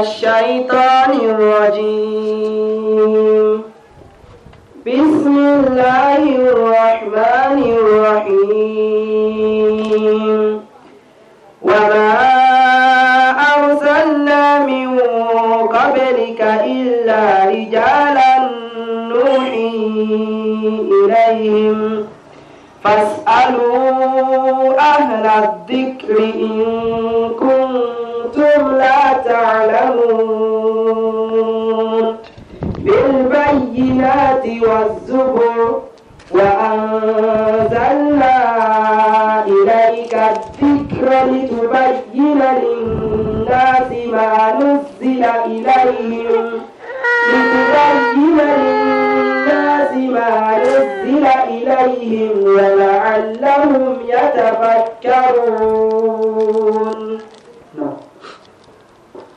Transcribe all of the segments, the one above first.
الشيطان الرجيم بسم الله الرحمن الرحيم وما أرسلنا من قبلك إلا رجالا نوحي إليهم فاسألوا أهل الذكر إن كنتم تعلمون بالبينات والزبر وأنزلنا إليك الذكر لتبين للناس ما نزل إليهم لتبين للناس ما نزل إليهم ولعلهم يتفكرون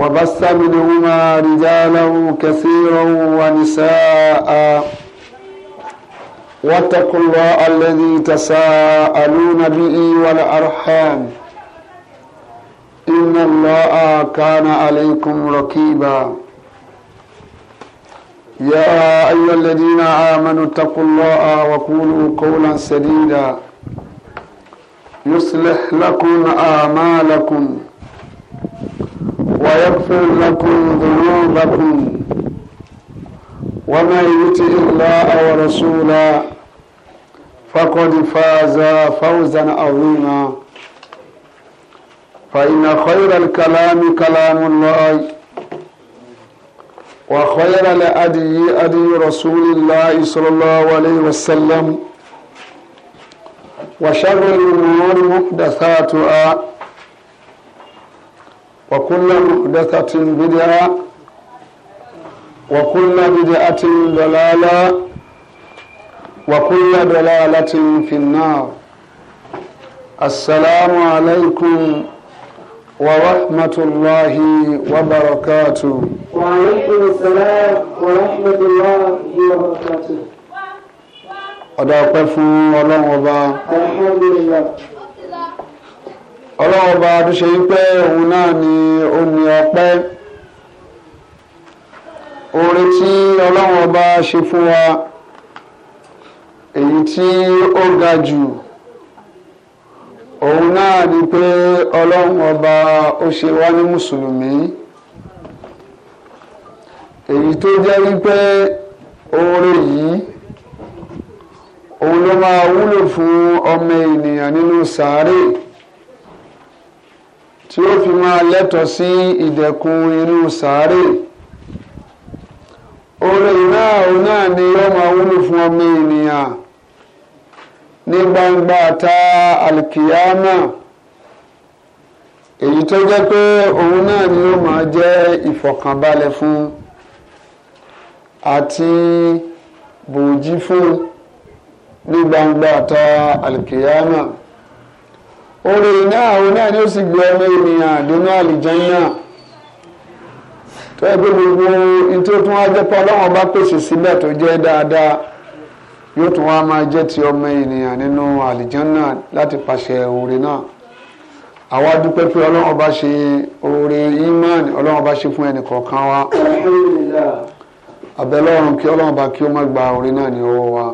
وبث منهما رجالا كثيرا ونساء واتقوا الله الذي تساءلون به والأرحام إن الله كان عليكم ركيبا يا أيها الذين آمنوا اتقوا الله وقولوا قولا سديدا يصلح لكم آه ويغفر لكم ذنوبكم ومن يطع الله ورسوله فقد فاز فوزا عظيما فإن خير الكلام كلام الله وخير الأدي أدي رسول الله صلى الله عليه وسلم وشر الأمور محدثاتها وكل محدثة بدعة وكل بدعة ضلالة وكل ضلالة في النار السلام عليكم ورحمة الله وبركاته وعليكم السلام ورحمة الله وبركاته أدعوكم الله وبركاته الحمد لله ọlọ́run ọba tó ṣe wípé òun náà ni ó ní ọpẹ́ oore tí ọlọ́run ọba ṣe fún wa èyí tí ó ga jù òun náà ni pé ọlọ́run ọba ó ṣe wá ní mùsùlùmí èyí tó jẹ́ wípé oore yìí òun ló máa wúlò fún ọmọ ènìyàn nínú sàárè. No tí ó fi máa lẹ́tọ̀ọ́ sí ìdẹ̀kùn inú sàárè oore náà òun náà ni yóò máa wúlò fún ọmọ ènìyàn ní gbangba ta alkiyama èyí tó jẹ́ pé òun náà ni yóò máa jẹ́ ìfọ̀kànbalẹ̀ fún àti bòójí fún ní gbangba ta alkiyama. orin náà òun náà ni ó sì gbé ọmọ ènìyàn dínú àlìjánná tó yẹ gbogbo nítorí tó wá jẹ́ pé ọlọ́run bá pèsè sílẹ̀ tó jẹ́ dáadáa yóò tún wá máa ti ọmọ ènìyàn nínú alijan láti pàṣẹ orí náà àwa dúpẹ́ pé ọlọ́run bá ṣe oore Iman ọlọ́run bá ṣe fún ẹnì kọ̀ọ̀kan wa àbẹ̀lọ́run kí bá kí ó má gba náà ní wa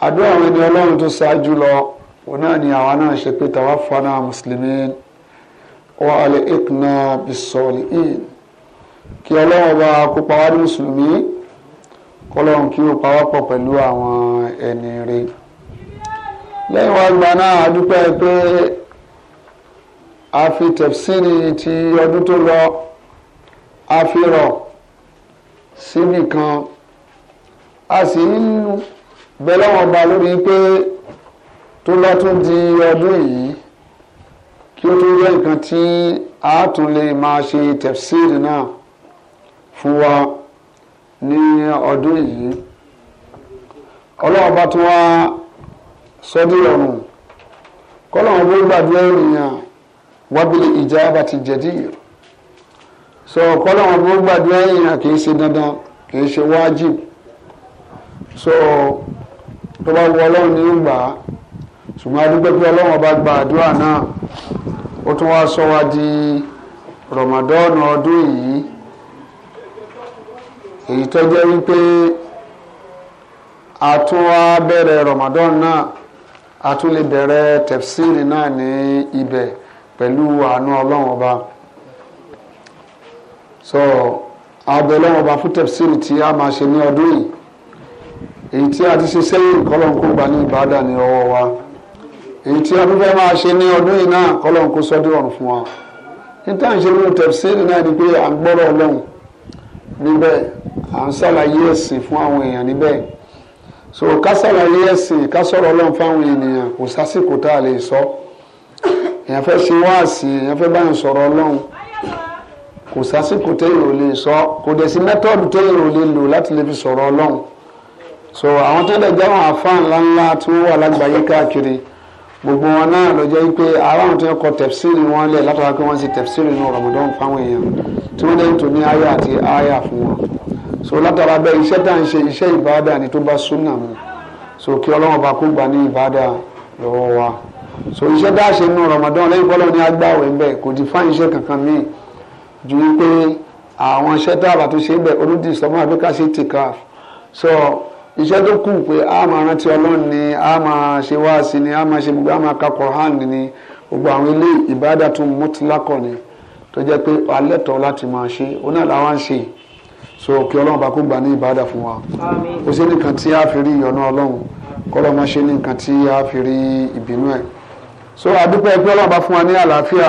àdúrà lọ òun náà ni àwa náà ṣe pé tàwa fana mùsùlùmí wa alẹ́ ìkùnà bisọ̀lì in kí ọlọ́run bá kó pa wá ní mùsùlùmí kọlọ́run kí ó pawọ́pọ̀ pẹ̀lú àwọn ẹni rẹ̀ lẹ́yìn wá gba náà a dúpẹ́ pé a fi tẹ̀síìrì ti ọdún tó lọ a fi rọ̀ síbì kan a sì ń bẹ lọ́wọ́ ba lórí pé tó bá tún di ọdún yìí kí ó tún jẹ́ nǹkan tí a tún lè máa ṣe tẹ̀fsíìrì náà fún wa ní ọdún yìí ọlọ́run bá tún wá sọ́dí ọ̀run kọ́lọ́run ló gbàdúrà ènìyàn wábìlì ìjábà ti jẹ̀dí sọ kọ́lọ́run ló gbàdúrà ènìyàn kì í ṣe dandan kì í ṣe wájib so tó bá wọ ọlọ́run ní ìgbà ṣùgbọ́n adúgbò pé ọlọ́run ọba gba àdúrà náà ó tún wá sọ wá di Ramadan ọdún yìí èyí tó jẹ́ wípé a tún wá bẹ̀rẹ̀ Ramadan náà a tún lè bẹ̀rẹ̀ tẹ̀fsíìrì náà ní ibẹ̀ pẹ̀lú àánú ọlọ́run ọba so abẹ ọlọ́run ọba fún tẹ̀fsíìrì tí a máa ṣe ní ọdún yìí èyí tí a ti ṣe sẹ́yìn kọ́lọ́nkó gba ní ìbádà ní ọwọ́ wa èyí tí afẹ́fẹ́ máa ṣe ní ọdún yìí náà kọ́lọ́n kó sọ́dún ọ̀run fún wa níta ń ṣe lóun tẹ̀síìlì náà ni pé à ń gbọ́rọ̀ ọlọ́run níbẹ̀ à ń ṣàlàyé ẹ̀sìn fún àwọn èèyàn níbẹ̀ so ká ṣàlàyé ẹ̀sìn ká sọ̀rọ̀ ọlọ́run fáwọn ènìyàn kò sásìkò tá a lè sọ èèyàn fẹ́ ṣe wáàsì èèyàn fẹ́ báyìí sọ̀rọ̀ ọlọ́run kò sásìkò téèyàn ò lè sọ kò dẹ̀ sí mẹ́tọ́ọ̀dù téèyàn ò lè lò láti lè fi sọ̀rọ̀ ọlọ́run so àwọn tó ń dẹ̀ jáwọn àfáà ńláńlá tí wọ́n wà lágbàáyé káàkiri gbogbo wọn náà lọ jẹ́ pé aráàlú tí wọ́n kọ tẹ̀síìlì wọn lẹ̀ látara pé wọ́n ṣe tẹ̀síìlì náà Ramadan fáwọn èèyàn tí wọ́n lẹ́yìn tó ní àyà àti àyà fún wọn so látara bẹ́ẹ̀ iṣẹ́ tá à ṣe iṣẹ́ ìbáadà ni tó bá súnà mu so kí Ọlọ́run bá kó gbà ní ìbáadà lọ́wọ́ wa so iṣẹ́ tá a ṣe nínú Ramadan lẹ́yìn pọ́lọ́ ní agbáwẹ̀ ń bẹ̀ kò ti fáyín iṣẹ́ kankan míì ju pé àwọn iṣẹ́ tá a bá tó ṣe ń bẹ̀ olùdí ìsọmọ́ àbíkà so iṣẹ́ tó kù pé a máa rántí ọlọ́run ni a máa ṣe wáàsí ni a máa ṣe gbogbo a máa ka Quran ni gbogbo àwọn ilé ìbádà tó ni tó jẹ́ pé alẹ́ tọ́ láti máa ṣe òun náà làwọn ṣe so kí ọlọ́run bá kó gbà ní ìbádà fún wa kò sí nìkan tí a fi rí ìyọ́nú ọlọ́run kọ́lọ́ máa ṣe nìkan tí a fi rí ìbínú ẹ̀ so àdúpẹ́ pé ọlọ́run bá fún wa ní àlàáfíà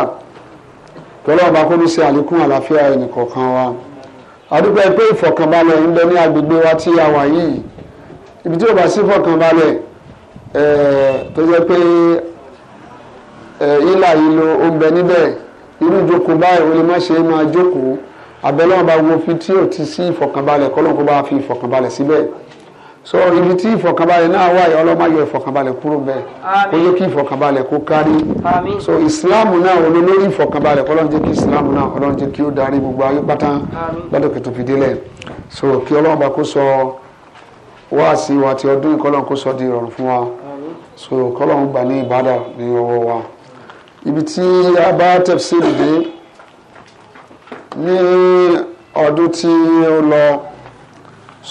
kí ọlọ́run bá kó ní ṣe àlékún àlàáfíà ẹnì kọ̀ọ̀kan wa àdúpẹ́ pé ìfọ̀kànbalẹ̀ ń bẹ ní agbègbè wa tí a wà yìí ibi tí o bá sí fọkàn balẹ̀ tó jẹ́ pé ilà ìlò oúnjẹ níbẹ̀ irú ìjókòó báyìí o lè má ṣe máa jókòó abẹ́lẹ́wọ̀n bá wo fi tí o ti sí ìfọkànbalẹ̀ kọ́lọ́n kó bá fi ìfọkànbalẹ̀ síbẹ̀ so ibi tí ìfọkànbalẹ̀ náà wà yìí ọlọ́mọ ayọ̀ ìfọkànbalẹ̀ kúrò bẹ́ẹ̀ kó jẹ́ kí ìfọkànbalẹ̀ kó kárí so ìsìláàmù náà olólórí ìfọkànbalẹ̀ kọ́lọ́n jẹ́ kí ìsìláàmù náà ọlọ́run jẹ́ kí ó darí gbogbo ayé pátá lọ́dọ̀ kẹtù fìdílẹ̀ so kí ọlọ́run bá kó sọ so, wá sí wa ti ọdún kọ́lọ́n kó sọ di ìrọ̀rùn fún wa so kọ́lọ́n gbà ní ìbádà ní ọwọ́ wa ibi tí a bá tẹ̀síìrì dé ní ọdún tí ó lọ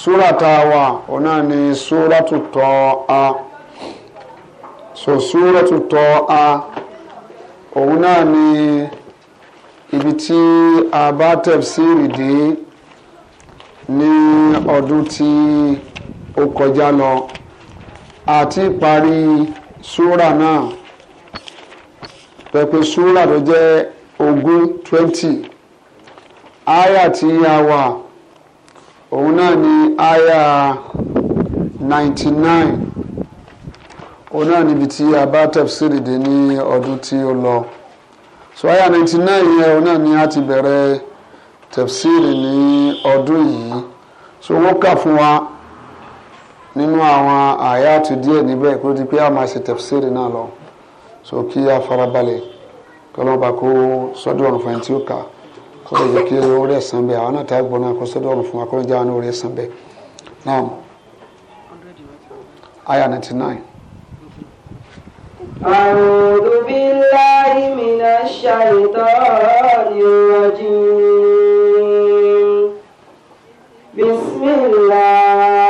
súrà tá a wà òun ni súrà tó a so súrà tó tọ́ a òun náà ni ibi tí a bá tẹ̀síìrì dé ní ọdún tí. Tí ó kọjá lọ àti parí súrà náà pẹ̀pẹ̀ súrà tó jẹ́ ogún twenty àyà tí a wà òun náà ni àyà ninety nine òun náà níbi tí a bá tafsiri dé ní ọdún tí ó lọ so àyà ninety nine yẹn òun náà ni a ti bẹ̀rẹ̀ tafsiri ní ọdún yìí so wọ́n kà fún wa nínú àwọn àyàtú díẹ̀ níbẹ̀ kó di pé a máa ṣe tẹ̀fsíìrì náà lọ so kí a farabalẹ̀ kọlọ́ba kó sọ́dọ̀ ọ̀run fún ẹni tí ó kà kó lè kí ó rẹ̀ sàn bẹ́ẹ̀ àwọn náà tá a gbọ́ náà kó sọ́dọ̀ ọ̀run fún wa kó jẹ́ àwọn náà rẹ̀ sàn bẹ́ẹ̀ náà aya ninety nine. أعوذ بالله من الشيطان الرجيم بسم الله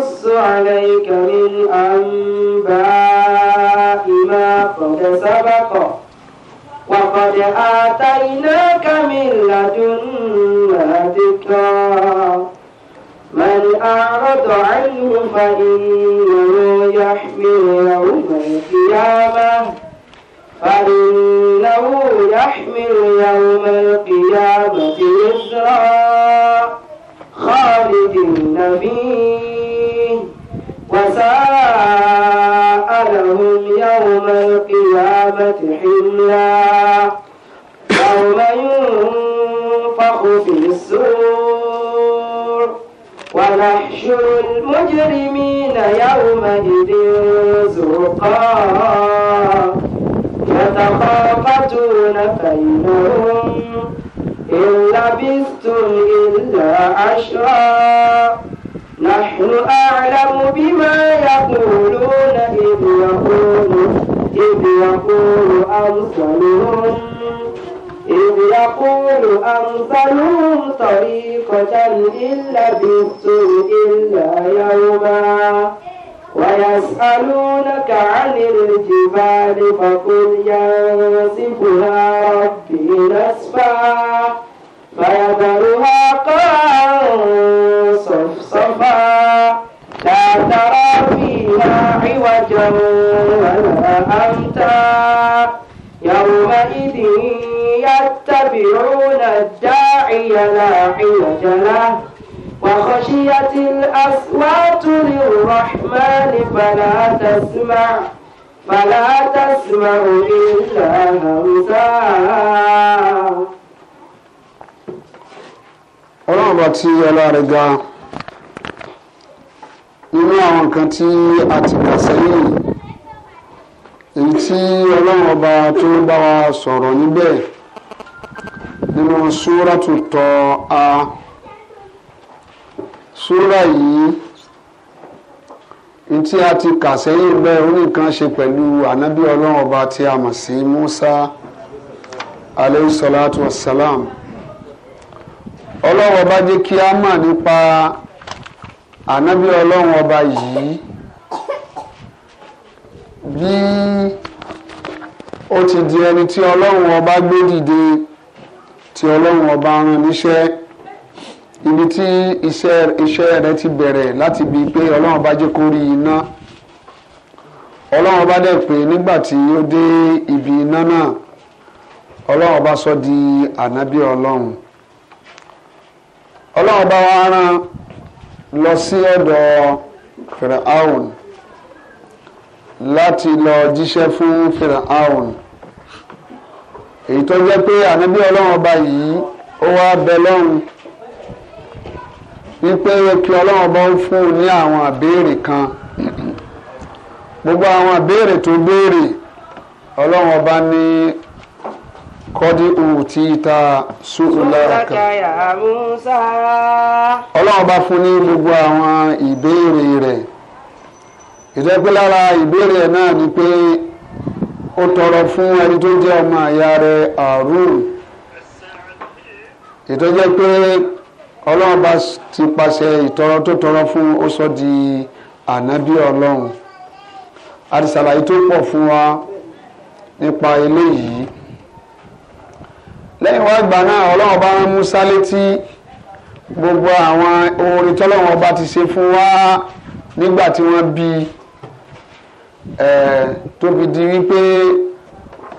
نقص عليك من أنباء ما قد سبق وقد آتيناك من لدنا ذكرا من أعرض عنه فإنه يحمل يوم القيامة فإنه يحمل يوم القيامة وزرا خالد فيه وساء لهم يوم القيامة حملا يوم ينفخ في السور ونحشر المجرمين يومئذ زرقا يتخافتون بينهم إن لبثتم إلا عشرا نحن أعلم بما يقولون إذ يقول إذ يقول أمثلهم إذ يقول أمثلهم طريقة إن لبثتم إلا يوما ويسألونك عن الجبال فقل ينسفها ربي نسفا فيذرها قاعا صفصفا لا ترى فيها عوجا ولا أمتا يومئذ يتبعون الداعي لا عوج له وخشيت الأصوات للرحمن فلا تسمع فلا تسمع إلا همسا ọlọ́run bá ti ọlá rẹ̀ ga nínú àwọn nǹkan tí a ti kà sẹ́yìn èyí tí ọlọ́run ọba tó ń bá wa sọ̀rọ̀ níbẹ̀ nínú súrà tó tọ́ a súrà yìí ní tí a ti kà sẹ́yìn bẹ́ẹ̀ ó nìkan ṣe pẹ̀lú ànábì ọlọ́run ọba tí a mọ̀ sí Musa aleyhi salatu wa salam ọlọ́run ọba jẹ́ kí a mọ̀ nípa ànábì ọlọ́run ọba yìí bí ó ti di ẹni tí ọlọ́run ọba gbé dìde tí ọlọ́run ọba rán níṣẹ́ ibi tí iṣẹ́ iṣẹ́ rẹ̀ ti bẹ̀rẹ̀ láti bíi pé ọlọ́run ọba jẹ́ kó rí iná ọlọ́run ọba dẹ̀ pé nígbà tí ó dé ibi iná náà ọlọ́run ọba sọ di ànábì ọlọ́run ọlọ́run bá wa rán lọ sí ọ̀dọ̀ firaun láti lọ jíṣẹ́ fún firaun èyí tó jẹ́ pé ànábí ọlọ́run ọba yìí ó wá bẹ lọ́run wípé kí ọlọ́run ọba ó fún un ní àwọn àbéèrè kan gbogbo àwọn àbéèrè tó béèrè ọlọ́run ọba ní kọ́dí òtítà sùúlàkà ọlọ́run bá fún ní gbogbo àwọn ìbéèrè rẹ̀ ìdẹ́gbẹ́ lára ìbéèrè ẹ̀ náà ni pé ó tọrọ fún ẹni tó jẹ́ ọmọ àyà rẹ̀ àrùn ìtọ́jẹ́ pé ọlọ́run bá ti pàṣẹ ìtọrọ tó tọrọ fún ó sọ di ànábì ọlọ́run àti ṣàlàyé tó pọ̀ fún wa nípa eléyìí. lẹ́yìn wá gbà náà ọlọ́run ọba rán Musa létí gbogbo àwọn orin tọ́lọ́run ọba ti ṣe fún wa nígbà tí wọ́n bí ẹ̀ tóbi di wípé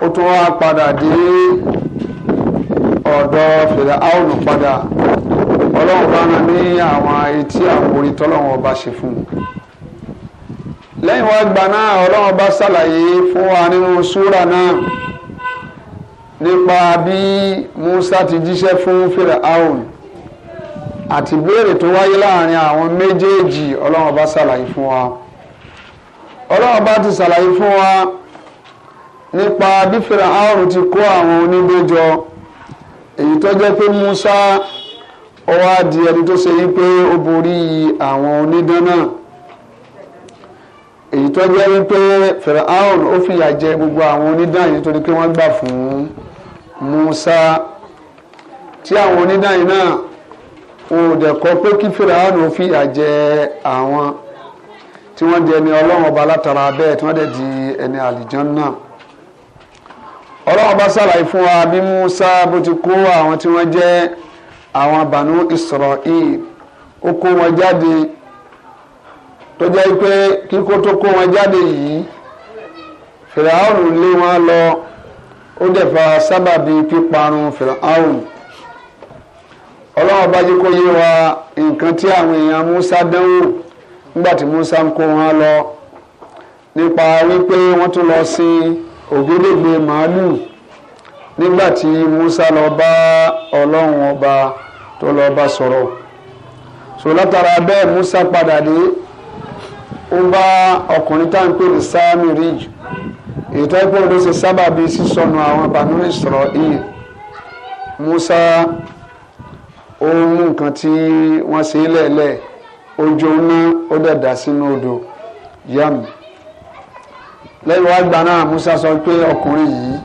ó tún wá padà dé ọ̀dọ̀ fèrè áwòrán padà ọlọ́run bá rán ní àwọn etí àwọn orin tọ́lọ́run ọba ṣe fún un lẹ́yìn wá gbà náà ọlọ́run ọba ṣàlàyé fún wa nínú súrà náà nípa bí Musa ti jíṣẹ́ fún Firaun àti béèrè tó wáyé láàrin àwọn méjèèjì ọlọ́run bá ṣàlàyé fún wa ọlọ́run bá ti ṣàlàyé fún wa nípa bí Firaun ti kó àwọn onígbéjọ èyí tó jẹ́ pé Musa ó wá di ẹni tó ṣe wípé ó borí àwọn onídán náà èyí tó jẹ́ wípé Firaun ó fìyà jẹ gbogbo àwọn onídán yìí nítorí pé wọ́n gbà fún un. Musa tí àwọn onídàáyìn náà wọn ò dẹ̀ kọ́ pé kí Fìràánù fìyà jẹ àwọn tí wọ́n di ẹni ọlọ́run ọba látara bẹ́ẹ̀ tí wọ́n dẹ̀ di ẹni àlìjọ́n náà ọlọ́run ọba ṣàlàyé fún wa bí Musa bó ti kó àwọn tí wọ́n jẹ́ àwọn Banu Israel ó kó wọn jáde tó jẹ́ pé kíkó tó kó wọn jáde yìí Fìràánù lé wọn lọ ó dẹ̀ fa sábàbí píparun fìràhùn ọlọ́run bá jẹ́ kó yé wa nǹkan tí àwọn èèyàn Musa dánwò nígbà tí Musa ń kó wọn lọ nípa wípé wọ́n tún lọ sí ògédègbè màálù nígbà tí Musa lọ bá ọlọ́run ọba tó lọ bá sọ̀rọ̀ so látara bẹ́ẹ̀ Musa padà dé ó bá ọkùnrin tá à ń pè ní sáàmì ríjù ètò ẹgbẹ́ ló ṣe sábà bíi sísọnù àwọn Banu Isra'il Musa ohun nǹkan tí wọ́n ṣe lẹ́ẹ̀lẹ́ ojú oná ó dẹ̀dà sínú odò yam lẹ́yìn wá gbà náà Musa sọ pé ọkùnrin yìí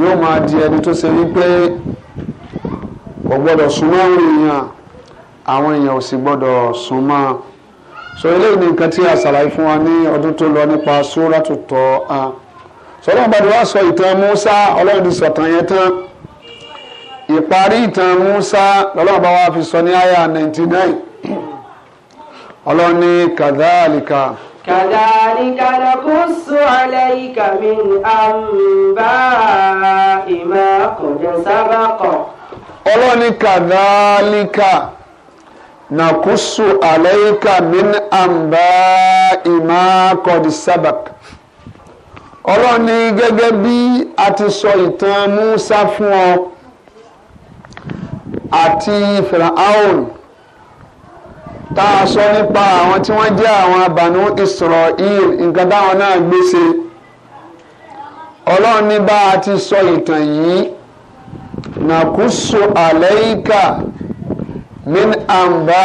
yóò máa di ẹni tó ṣe wípé kò gbọ́dọ̀ súnmọ́ àwọn èèyàn àwọn èèyàn ò sì gbọ́dọ̀ súnmọ́ so eléyìí ni nǹkan tí a ṣàlàyé fún wa ní ọdún tó lọ nípa sóràtútọ́ a. Uh, sọlọ́run bá ti wá sọ ìtàn Musa ọlọ́run ti sọ̀tàn yẹn tán ìparí ìtàn Musa lọ́lọ́run bá wá fi sọ ní àyà 99 ọlọ́run ní kàdáàlìkà. كذلك نقص عليك من أنباء ما قد سبق ọlọ́ni kàdálíkà nàkúsù àlẹ́yíkà min àmbá ìmá kọ̀dí sábàkì ọlọ́run ní gẹ́gẹ́ bí a ti sọ ìtàn Musa fún ọ àti Firaun tá a sọ nípa àwọn tí wọ́n jẹ́ àwọn abànú Israel nǹkan táwọn náà gbèsè ọlọ́run ní bá a ti sọ ìtàn yìí nàkúso àlẹ́yìká min àǹbá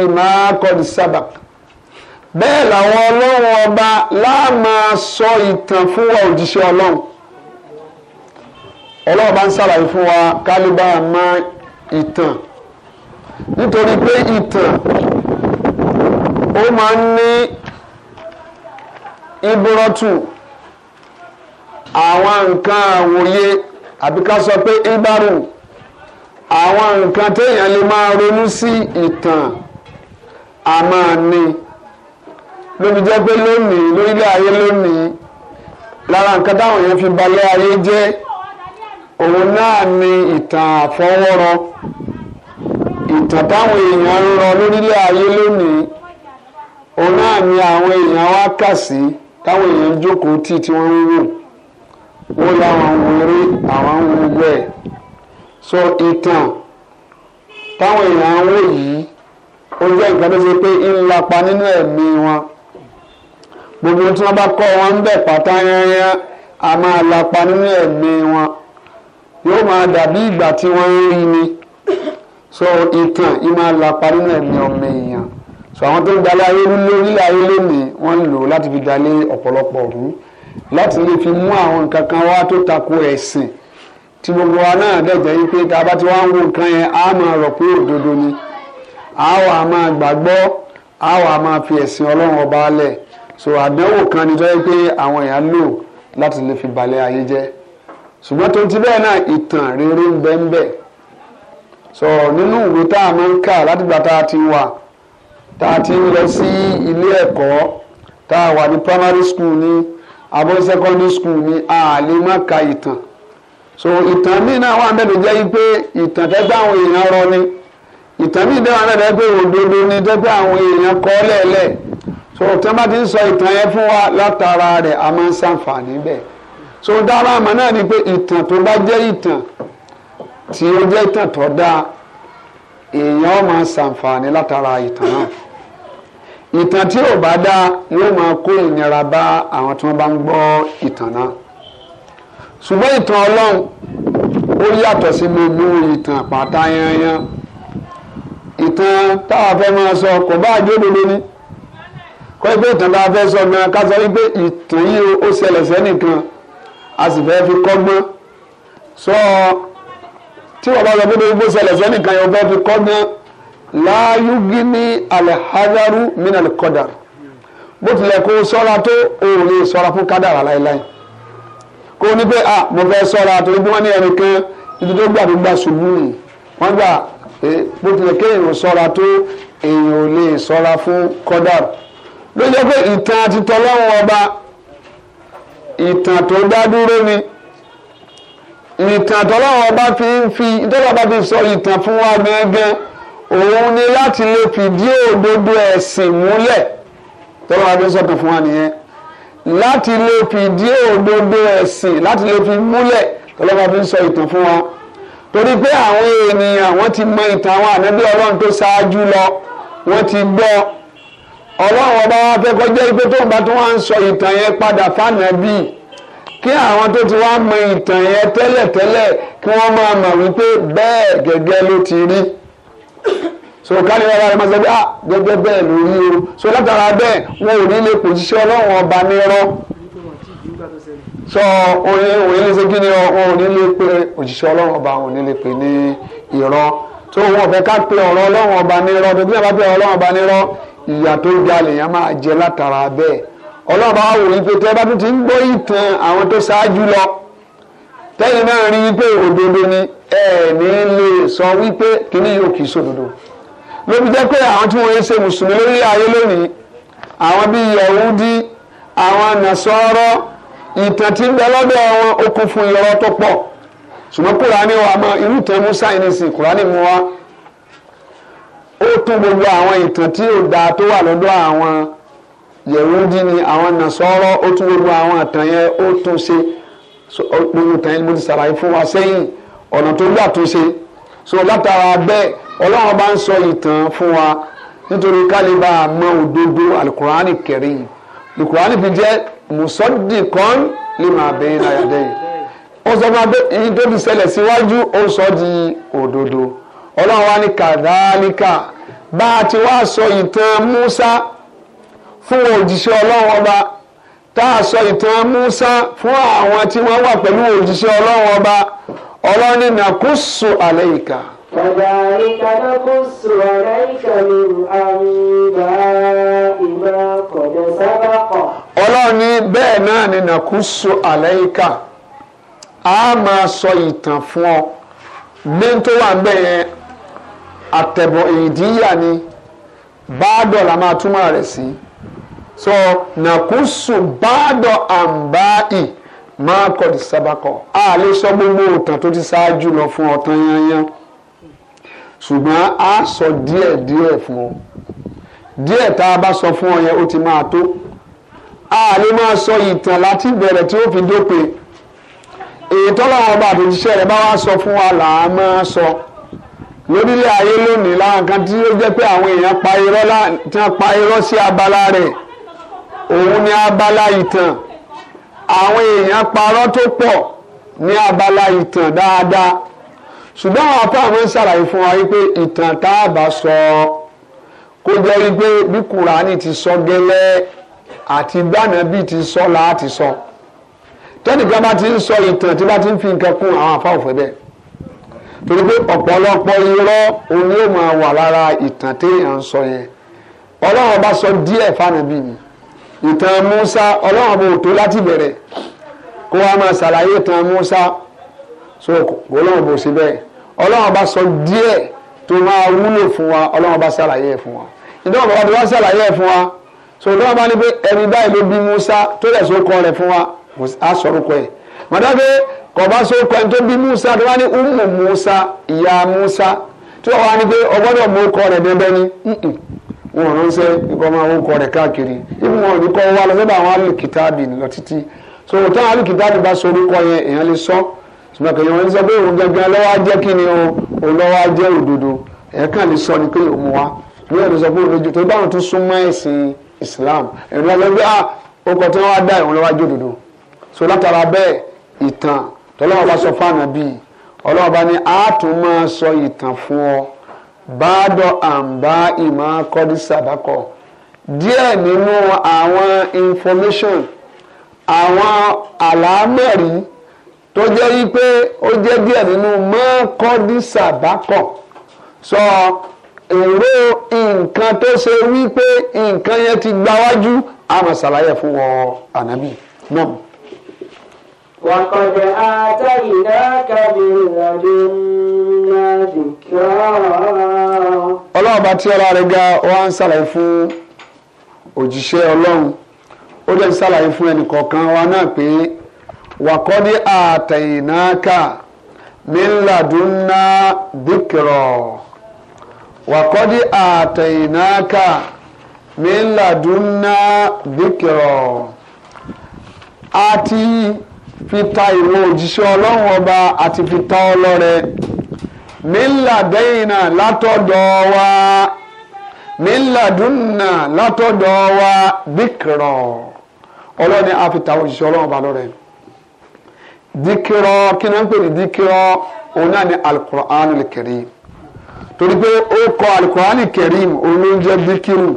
ìmá kọ́ni sábàkì bẹ́ẹ̀ làwọn ọlọ́run ọba láàmà sọ ìtàn fún wa òjíṣẹ́ ọlọ́run ọlọ́run bá ń ṣàlàyé fún wa kálíbà mọ ìtàn nítorí pé ìtàn ó máa ń ní ibùrọ̀tù àwọn nǹkan àwòye àbí ká sọ pé ibaru àwọn nǹkan téèyàn lè máa ronú sí ìtàn àmọ́ ni lóbi jẹ́ pé lónìí lórílẹ̀ ayé lónìí lára nǹkan táwọn èèyàn fi balẹ̀ ayé jẹ́ òun náà ni ìtàn àfọwọ́rọ ìtàn táwọn èèyàn ń rọ lórílẹ̀ ayé lónìí òun náà ni àwọn èèyàn wá kà sí táwọn èèyàn jókòó tì tí wọ́n ń wò wọ́n láwọn ń wéré àwọn ń wo bẹ́ẹ̀ so ìtàn táwọn èèyàn ń wò yìí ó jẹ́ nǹkan tó ṣe pé ń nínú ẹ̀mí wọn gbogbo tí wọ́n bá kọ́ wọn ń bẹ̀ pátá yányá a máa lapa nínú ẹ̀mí wọn yóò máa dàbí ìgbà tí wọ́n ń rí ni so ìtàn yìí máa lapa nínú ẹ̀mí ọmọ èèyàn so àwọn tó ń dalẹ̀ ayé lórí ayé lónìí wọ́n ń lò láti fi dalẹ̀ ọ̀pọ̀lọpọ̀ rú láti lè fi mú àwọn nǹkan kan wá tó tako ẹ̀sìn tí gbogbo wa náà dẹ̀jẹ̀ yìí pé tá a bá ti wá ń wo nǹkan yẹn á máa rọ̀ pé òdodo ni àwa máa gbàgbọ́ àwa máa fi ẹ̀sìn ọlọ́run ọba lẹ̀ so àdánwò kan ni tó yẹ pé àwọn èèyàn lò láti lè fi balẹ̀ ayé jẹ́ ṣùgbọ́n tó ti bẹ́ẹ̀ náà ìtàn rere ń bẹ ń bẹ so nínú ìwé tá a máa ń kà látìgbà tá a ti wà tá a ti ń lọ sí ilé ẹ̀kọ́ tá a wà ní primary school ní abọ́ secondary school ní àlè má ka ìtàn so ìtàn míì náà wà mẹ́lẹ̀ jẹ́ pé ìtàn tẹ́ gbà àwọn èèyàn rọ ni ìtàn míì náà wà mẹ́lẹ̀ pé òdodo ni tẹ́ gbà àwọn èèyàn kọ́ lẹ́ẹ̀lẹ́ẹ̀ so tí wọ́n bá ti ń sọ ìtàn yẹn fún wa látara rẹ̀ a máa ń ṣàǹfààní bẹ́ẹ̀ so dára àmọ́ náà ni pé ìtàn tó bá jẹ́ ìtàn tí ó jẹ́ ìtàn tó dáa èèyàn máa ṣàǹfààní látara ìtàn náà ìtàn tí ò bá dáa yóò máa kó ìnira bá àwọn tí wọ́n bá ń gbọ́ ìtàn náà ṣùgbọ́n ìtàn ọlọ́run ó yàtọ̀ sí gbogbo ìtàn pàtàyànyàn ìtàn táwa fẹ́ máa sọ kò bá àjọ òdodo ni. So, pẹ́pẹ́ ìtàn bá fẹ́ sọ náà ká sọ wípé ìtàn yìí ó ṣẹlẹ̀ sẹ́nìkan a sì fẹ́ fi kọ́gbọ́n sọ tí wọ́n bá sọ pé gbogbo ṣẹlẹ̀ sẹ́nìkan yóò fẹ́ fi kọ́gbọ́n láyúgí ní alẹ́hájárú mínàlì kọ́dàrú bó tilẹ̀ kó sọ́ra tó o lè sọ́ra fún kádàrà láéláé kó ní pé ah mo fẹ́ sọ́ra torí bí wọ́n ní ẹnìkan ìdílé gbàdúgbà ṣubú nìyí wọ́n gbà bó tilẹ̀ kéèyàn sọ́ra tó èèyàn ò lè sọ́ra fún kọ́dàrú ló jẹ́ pé ìtàn àti tọ́lọ́run ọba ìtàn tó dá dúró ni ìtàn tọ́lọ́run ọba fi ń fi tọ́lọ́run ọba fi sọ ìtàn fún wa gẹ́gẹ́ òun ni láti lè fìdí òdodo ẹ̀sìn múlẹ̀ tọ́lọ́run ọba fi sọ̀tàn fún wa nìyẹn láti lè fìdí òdodo ẹ̀sìn láti lè fi múlẹ̀ tọ́lọ́run ọba fi sọ ìtàn fún wa torí pé àwọn ènìyàn wọ́n ti mọ ìtàn àwọn ànábì ọlọ́run tó ṣáájú lọ wọ́n ti gbọ́ ọlọ́run ọba wa fẹ́ kọjá pé tó ń bá tó wá ń sọ ìtàn yẹn padà fànàbí kí àwọn tó ti wá mọ ìtàn yẹn tẹ́lẹ̀tẹ́lẹ̀ kí wọ́n máa mọ̀ wípé bẹ́ẹ̀ gẹ́gẹ́ ló ti rí so káni wọn bá rẹ máa sọ pé ah gẹ́gẹ́ bẹ́ẹ̀ ló rí o so látara bẹ́ẹ̀ wọn ò ní lè kò jíṣẹ́ ọlọ́run ọba nírọ́ so òye òye lè ṣe kí ni ọ wọn ò ní lè pe òjíṣẹ́ ọlọ́run ọba wọn ò ní lè pe ní irọ́ so wọn fẹ́ ká pe ọ̀rọ̀ ọlọ́run ọba nírọ́ tó bí wọn bá pe ọ̀rọ̀ ọlọ́run ọba nírọ́ ìyà tó ga lèèyàn máa jẹ látara bẹ́ẹ̀ ọlọ́run bá wò wípé tẹ́ bá tún ti ń gbọ́ ìtàn àwọn tó ṣáájú lọ tẹ́yìn náà rí i pé òdodo ni ẹ ní lè sọ wípé kíní yóò kì í sòdodo lóbi jẹ́ pé àwọn tí wọ́n ń ṣe mùsùlùmí lórí ayé lónìí àwọn bíi yahudi àwọn nasọ́rọ́ ìtàn tí ń bẹ lọ́dọ̀ wọn ó fún irọ́ tó pọ̀ ṣùgbọ́n kúránì wa mọ irú tẹ musa yìí nìsín kúránì mu wa ó tún gbogbo àwọn ìtàn tí ò dáa tó wà lọ́dọ̀ àwọn yẹ̀wúndí ni àwọn nàṣọ́rọ́ ó tún gbogbo àwọn ìtàn yẹn ó tún ṣe gbogbo ìtàn yẹn mo ti ṣàlàyé fún wa sẹ́yìn ọ̀nà tó gbà tún ṣe so látara bẹ́ẹ̀ ọlọ́run bá ń sọ ìtàn fún wa nítorí kálíbà mọ òdodo alukurani kẹrin alukurani fi jẹ́ musọ́dìkan lè máa bẹ̀yìn láyàdẹ́yìn ó sọ fún wa pé ìyìn tó fi ṣẹlẹ̀ síwájú ó sọ di òdodo ọlọ́run wa ní kàdáníkà bá a ti wá sọ ìtàn Musa fún òjíṣẹ́ ọlọ́run ọba tá a sọ ìtàn Musa fún àwọn tí wọ́n wà pẹ̀lú òjíṣẹ́ ọlọ́run ọba ọlọ́run ní nàkúsù àlẹ́ ìkà. كذلك نقص عليك من أنباء ما قد سبق. ọlọ́run ní bẹ́ẹ̀ náà ni nàkúsù àlẹ́ ìkà a máa sọ ìtàn fún ọ main tó wà nbẹ yẹn àtẹ̀bọ̀ ìdíyà ni báàdọ̀ la máa túmọ̀ rẹ̀ sí so nàkúsù báàdọ̀ àǹbáì máa kọ̀ di sábàkọ̀ a lè sọ gbogbo ìtàn tó ti ṣáájú lọ fún ọ yányán ṣùgbọ́n a sọ díẹ̀ díẹ̀ fún ọ díẹ̀ tá a bá sọ fún ọ yẹn ó ti máa tó a lè máa sọ ìtàn láti bẹ̀rẹ̀ tí ó fi dópin ètò ọlọ́wọ́ bá àtòjíṣẹ́ rẹ̀ bá wá sọ fún wa là á máa sọ lórílẹ̀ ayé lónìí láwọn kan tí ó jẹ́ pé àwọn èèyàn pa irọ́ tí wọ́n pa irọ́ sí abala rẹ̀ òun ni abala ìtàn àwọn èèyàn parọ́ tó pọ̀ ní abala ìtàn dáadáa ṣùgbọ́n àwọn afọ àwọn ń ṣàlàyé fún wa wípé ìtàn tá a bá sọ kó jẹ́ wípé bí kùránì ti sọ gẹ́lẹ́ àti gbànàbí ti sọ láti sọ. So tẹ́nìkan bá ti ń sọ ìtàn tí bá ti ń fi nǹkan kún àwọn àfáà òfẹ́ bẹ́ẹ̀ torí pé ọ̀pọ̀lọpọ̀ irọ́ òun yóò máa wà lára ìtàn téèyàn ń sọ yẹn ọlọ́run bá sọ díẹ̀ fànàbí mi ìtàn Musa ọlọ́run bò tó láti bẹ̀rẹ̀ kó wá máa ṣàlàyé ìtàn Musa so ọlọ́run bò sí bẹ́ẹ̀ ọlọ́run bá sọ díẹ̀ tó máa wúlò fún wa ọlọ́run bá ṣàlàyé ẹ̀ fún wa ìdáhùn bàbá tó wá ṣàlàyé ẹ̀ a sọ̀rọ̀ kọ́ ẹ̀ mọ̀dábẹ́ kọ̀ọ̀bá sọ kọ́ ẹni tó bí Musa tó wá ní umu Musa ìyá Musa tí wọ́n wá ní pé ọgbọ́dọ̀ mú kọ́ rẹ̀ dẹ́gbẹ́ ní wọn ránṣẹ́ nǹkan máa ń kọ́ rẹ̀ káàkiri ibi wọn ò ní kọ́ lọ sọ́dọ̀ àwọn alùkìtàbì lọ títí so òtọ́ alùkìtàbì bá sọ orúkọ yẹn èèyàn lè sọ ṣùgbọ́n kẹ̀yìn wọn ń sọ pé òun gangan lọ́wọ́ á jẹ́ ni o òun lọ́wọ́ á jẹ́ òdodo ẹ̀ẹ́kàn lè sọ ni pé òun wá ní ọ̀dọ̀ sọ pé òdodo tó báwọn tó súnmọ́ ẹ̀sìn Islam ẹ̀rọ lọ́gbẹ́ ah ó kọ tí wọ́n wá dá ìwọ̀n lọ́wọ́ á òdodo so látara bẹ́ẹ̀ ìtàn tọ́lọ́wọ́ bá sọ fún ànábì ọlọ́wọ́ bá ní a tún máa sọ ìtàn fún ọ báàdọ̀ àǹbá ìmọ̀ kọ́dí sàdákọ̀ díẹ̀ nínú àwọn information àwọn àlámẹ̀rí tó jẹ́ wípé ó jẹ́ díẹ̀ nínú mọ́ kọ́dí sàdákọ̀ sọ èrò nǹkan tó ṣe wípé nǹkan yẹn ti gbáwájú àmọ̀ ṣàlàyé fún ọ ànábì náà. وقد آتيناك من لدنا ذكرا ọlọ́run bá tí ọlá rẹ̀ ga wá ń ṣàlàyé fún òjíṣẹ́ ọlọ́run ó dẹ̀ ń ṣàlàyé fún ẹnìkọ̀ọ̀kan wa náà pé wàkọ́dí àtẹ̀yìnáka mílàdúnná dìkìrọ̀ wàkọ́dí àtẹ̀yìnáka mílàdúnná dìkìrọ̀ àti fi ta ìwọ òjíṣẹ́ ọlọ́run ọba àti fi ta ọ lọ́rẹ mílàdẹ́yìnà látọ̀dọ̀ wa mílàdúnà látọ̀dọ̀ wa díkìrọ̀ ọlọ́ni a fi ta òjíṣẹ́ ọlọ́run ọba lọ́rẹ díkìrọ̀ kí ni wọ́n pè ní díkìrọ̀ òun náà ni alukur'anul karim torí pé ó kọ alukur'ani karim òun ló ń jẹ́ díkìrù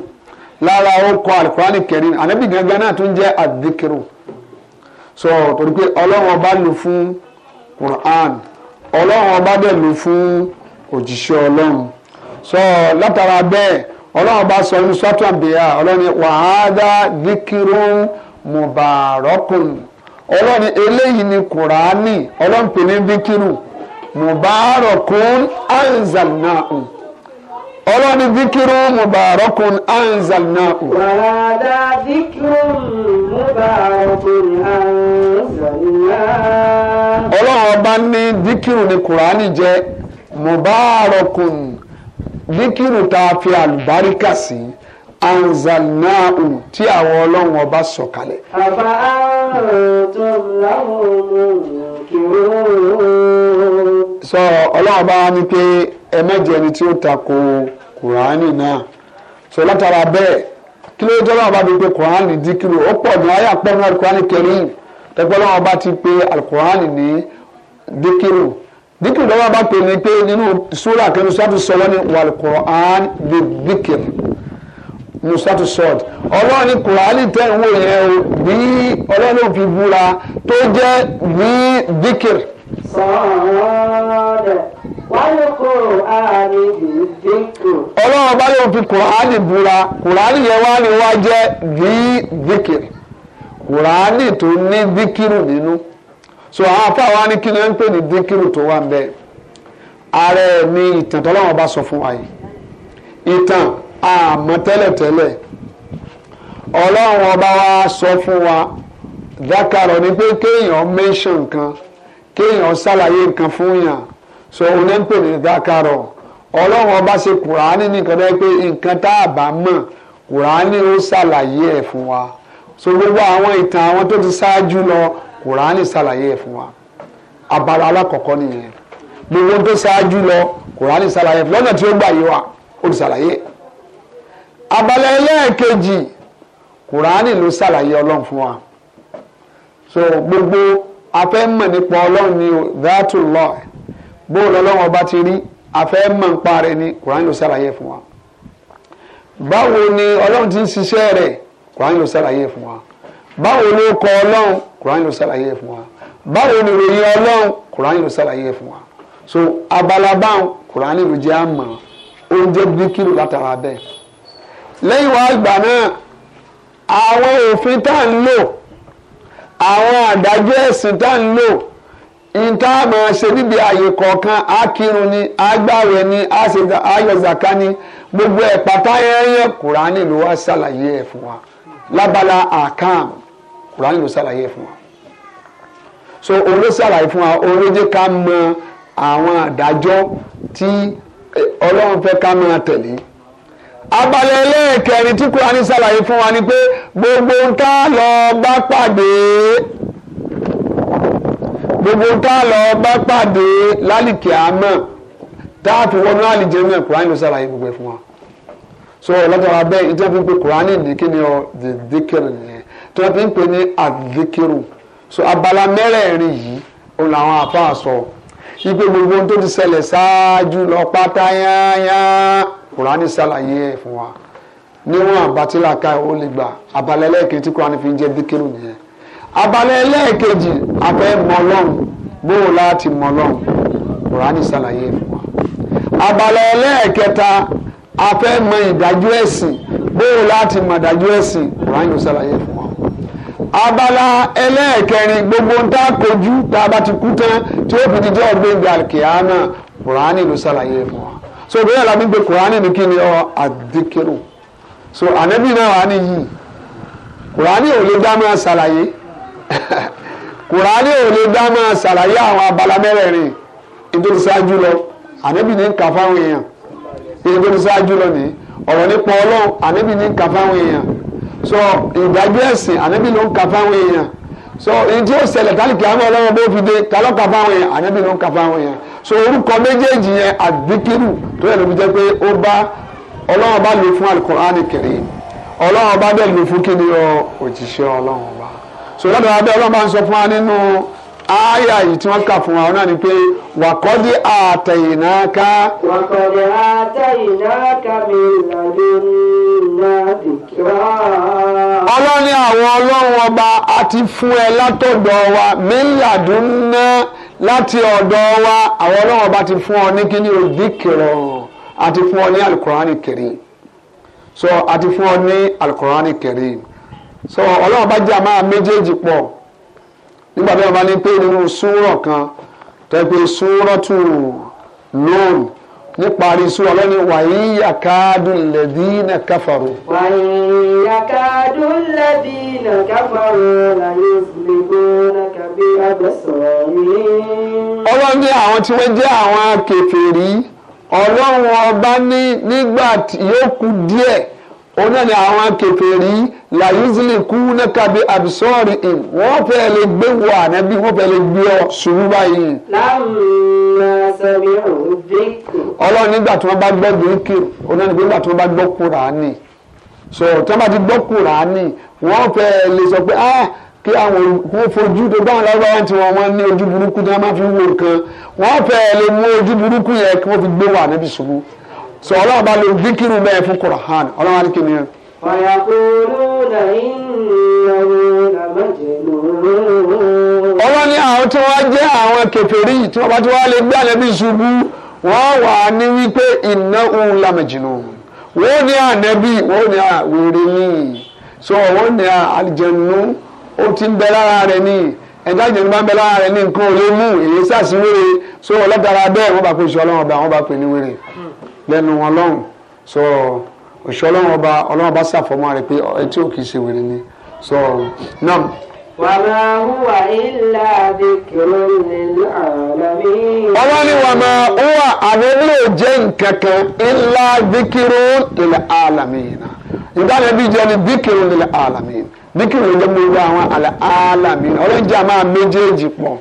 lára ó kọ alukur'ani karim ànábì gangan náà tún jẹ́ àdíkìrù. so torí pé ọlọ́run ọba lò fún Quran ọlọ́run ọba dẹ̀ lò fún òjíṣẹ́ ọlọ́run so látara bẹ́ẹ̀ ọlọ́run ọba sọ ní sọ́tún àbíyá ọlọ́run wàhádà mubarakun ọlọ́run eléyìí ni Kùránì ọlọ́run pè ní mubarakun ọlọ́ni díkírù mubarakun anzalnahu. wàhálà díkírù mubarakun anzalnahu. ọlọ́run ọba ní díkírù ní kùránì jẹ́ mubarakun díkírù tá a fi àlùbáríkà sí anzalnahu tí ọba sọ ọlọ́run bá ní pé ẹ mẹ́jẹ ẹni tí ó tako kùránì náà sọ látara bẹ́ẹ̀ kí ló dé ọlọ́run bá fi pé kùránì díkìrù ó pọ̀ ní ayé àpọ̀ ní alukùránì kẹrin tẹ́gbẹ́ ọlọ́run bá ti pé alukùránì ní díkìrù díkìrù lọ́wọ́ bá pè ní pé nínú súrà kẹrin sọ́tù sọ wọ́n ní wàlùkùránì lè díkìrù nusatu sọọd ọlọ́run ní kùránì tẹ́ ń yẹn bí ọlọ́run fi búra tó jẹ́ bí díkìrù. ọlọ́run bá lóun fi kùránì búra kùránì yẹn wá ní wá jẹ́ bíi kùránì tó ní zikiru nínú so àwọn afáwa ní kí ni wọ́n pè ní zikiru tó wà ààrẹ ní ìtàn tọ́lọ́run sọ fún wa yìí ìtàn àmọ́ tẹ́lẹ̀tẹ́lẹ̀ ọlọ́run ọba wa sọ fún wa dákàrọ̀ ni pé kéèyàn nǹkan. kéèyàn ṣàlàyé nǹkan fún yàn so oní ń pè ní dákàrọ̀ ọlọ́run ọba ṣe kùránì nìkan dẹ́ pé nǹkan tá a bá mọ̀ kùránì ó ṣàlàyé ẹ̀ fún wa so gbogbo àwọn ìtàn àwọn tó ti ṣáájú lọ kùránì ṣàlàyé ẹ̀ fún wa abala alákọ̀ọ́kọ́ nìyẹn gbogbo tó ṣáájú lọ kùránì ṣàlàyé lọ́nà tí ó gbà yé wa ó ti ṣàlàyé abala ẹlẹ́ẹ̀kejì kùránì ló ṣàlàyé ọlọ́run fún wa so gbogbo afẹ́ mọ̀ nípa ọlọ́run ni o that law bóòlù ọlọ́run ọba ti rí afẹ́ mọ̀ nípa rẹ̀ ni Kùránì ló ṣàlàyé fún wa báwo ni ọlọ́run ti ń ṣiṣẹ́ rẹ̀ Kùránì ló ṣàlàyé fún wa báwo ló kọ ọlọ́run Kùránì ló ṣàlàyé fún wa báwo ni ìròyìn ọlọ́run Kùránì ló ṣàlàyé fún wa so abalabáwọn Kùránì ló jẹ́ àmọ́ oúnjẹ bíkìlù látara bẹ́ẹ̀ lẹ́yìn wá ìgbà náà àwọn òfin tá à ń lò àwọn àdájọ́ ẹ̀sìn tá ń lò nta máa ṣe níbi ààyè kọ̀ọ̀kan á kírun ni á gbàwẹ̀ ni á ṣe ayọ̀ ni gbogbo ẹ̀ pátá kùránì ló wá ṣàlàyé ẹ̀ fún wa lábala àkàm kùránì ló ṣàlàyé ẹ̀ fún wa so òun ló ṣàlàyé fún wa òun ló jẹ́ ká mọ àwọn àdájọ́ tí eh, ọlọ́run fẹ́ ká máa tẹ̀lé abalẹ̀ ẹlẹ́ẹ̀kẹrin tí kúránì ṣàlàyé fún wa ni pé gbogbo tá a lọ bá pàdé gbogbo tá a lọ bá pàdé lálìkẹ́ àmọ́ tá a fi wọnú àlìjẹ náà kúránì ló ṣàlàyé gbogbo ẹ̀ fún wa so ọlọ́tara bẹ́ẹ̀ ìjẹ́ fi ń pe kúránì ní kí ni ọ the dikiru nìyẹn tí wọ́n fi ń pe ní adikiru so abala mẹ́rẹ̀ẹ̀rin yìí òun làwọn àfa sọ ipe gbogbo tó ti ṣẹlẹ̀ ṣáájú lọ pátá yáyá. Kurani ṣàlàyé ẹ̀ fún wa níwọ̀n àbátìlá ká ó lè gbà abalẹ̀ ẹlẹ́ẹ̀kejì tí kùránì fi ń jẹ́ díkìrù nìyẹn abalẹ̀ ẹlẹ́ẹ̀kejì abẹ́ mọ́lọ́hún bóò láti mọ́lọ́hún kurani ṣàlàyé ẹ̀ fún wa abalẹ̀ ẹlẹ́ẹ̀kẹta afẹ́ mọ ìdájọ́ ẹ̀sìn bóò láti mọ ìdájọ́ ẹ̀sìn kùránì ṣàlàyé fún wa abala ẹlẹ́ẹ̀kẹrin gbogbo ń tá a kojú tá a bá ti kú tán tí ó fi ti jẹ́ ọ̀gbìn gbàlùkìá náà kùránì ló ṣàlàyé fún wa so bóyá la fi gbé kùránì ni kí ni ọ àdìkírù so ànábì náà wà níyì kùránì ò lè dá máa ṣàlàyé kùránì ò lè dá máa ṣàlàyé àwọn abala mẹ́rẹ̀ẹ̀rin nítorí ṣáájú lọ ànábì ní kà fáwọn èèyàn nítorí ṣáájú lọ ní ọ̀rọ̀ nípa ọlọ́run ànábì ní kà fáwọn so ìdájọ́ ẹ̀sìn ànábì ló ń kà fáwọn so èyí tí ó ṣẹlẹ̀ tálíkì àwọn ọlọ́wọ́ bó fi dé kálọ́ kàfá àwọn yẹn ànábì ló ń kàfá àwọn yẹn so orúkọ méjèèjì yẹn àdìkírù tó yẹ ló fi jẹ́ pé ó bá ọlọ́wọ́ bá lò fún alukur'ani karim ọlọ́wọ́ bá bẹ̀ lò fún kíni ọ òjíṣẹ́ ọlọ́wọ́ bá so lọ́dọ̀ abẹ́ ọlọ́wọ́ bá ń sọ fún wa nínú aya yìí tí wọ́n kà fún wa náà ni pé wàkọ́dí àtẹ̀yìnáká. wàkọ́dí àtẹ̀yìnáká mi làlẹ́ mi. àwọn ọlọ́run ọba a ti fún ẹ látọ̀dọ̀ wa mílíàdúnná láti ọ̀dọ̀ wa àwọn ọlọ́run ọba ti fún ọ ní kíní òdìkìrọ̀ a ti fún ọ ní alukurani kẹrin so a ti fún ọ ní alukurani kẹrin so ọlọ́run ọba jẹ́ àmà méjèèjì pọ̀ nígbà tí wọ́n bá ní pé nínú súnrọ̀ kan tẹ́ pé súnrọ̀ tù lóòrùn níparí sún ọlọ́ni wàyí yàkádùn lẹ́dínà káfàró. wàyí yàkádùn lẹ́dínà káfàró láyé ìgbégbóná kàbí agbẹ́sọ̀rọ̀ mi. ọlọ́ni àwọn tí wọ́n jẹ́ àwọn kèfèrí ọlọ́run ọba ní nígbà tí díẹ̀ òun ni àwọn kèfèrí làyíṣìlì kú nẹ́kàbí àbísọ́ọ̀rì ìn wọ́n fẹ́ lè gbé wọ ànábì wọ́n fẹ́ lè gbé ọ sùúrù báyìí. ọlọ́run nígbà tí wọ́n bá gbọ́ dèékè òun náà nígbà tí wọ́n bá gbọ́ kúránì so tí wọ́n bá ti gbọ́ kúránì wọ́n fẹ́ lè sọ pé ah kí àwọn kó fojú tó báwọn lọ́wọ́ tí wọ́n wọ́n ní ojú burúkú tí wọ́n máa fi wo nǹkan wọ́n fẹ́ lè mú ojú burúkú yẹn kí wọ́n fi gbé wọ ànábì sùúrù sọ ọlọ́run bá lo díkìrù bẹ́ẹ̀ fún Qur'an ọlọ́run á ní kí ni ẹ. fàyàkùnrùnà ìnáwó àmàjẹ̀mọ́. ọlọ́run ní àwọn tí wọ́n jẹ́ àwọn kèfèrí tí wọ́n bá ti wá lè gbé àlẹ́bí ṣubú wọ́n wà ní wípé ìnáwó làmàjìnà wọ́n ní ànẹ́bí wọ́n ní àwèrè ní so wọ́n ní àlìjẹ̀nu ó ti ń bẹ lára rẹ̀ ní ẹ̀dá ìjẹ̀nu bá ń bẹ lára rẹ̀ ní nǹkan ò lè mú èyí sàṣìwèrè so ọlọ́dàra bẹ́ẹ̀ wọ́n bá pè ṣọlọ́wọ́n bá wọ́n bá pè ní wèrè. lẹ́nu ọlọ́run so òṣìṣẹ́ ọlọ́run ọba ọlọ́run ọba ṣàfọmọ́ rẹ̀ pé ṣe wèrè ni nam. wàmà húwà ilà àdìkìrò nílò àlàmì. ọwọ́ ni ilà jẹ́ ni ọlọ́run jẹ́ àmà méjèèjì pọ̀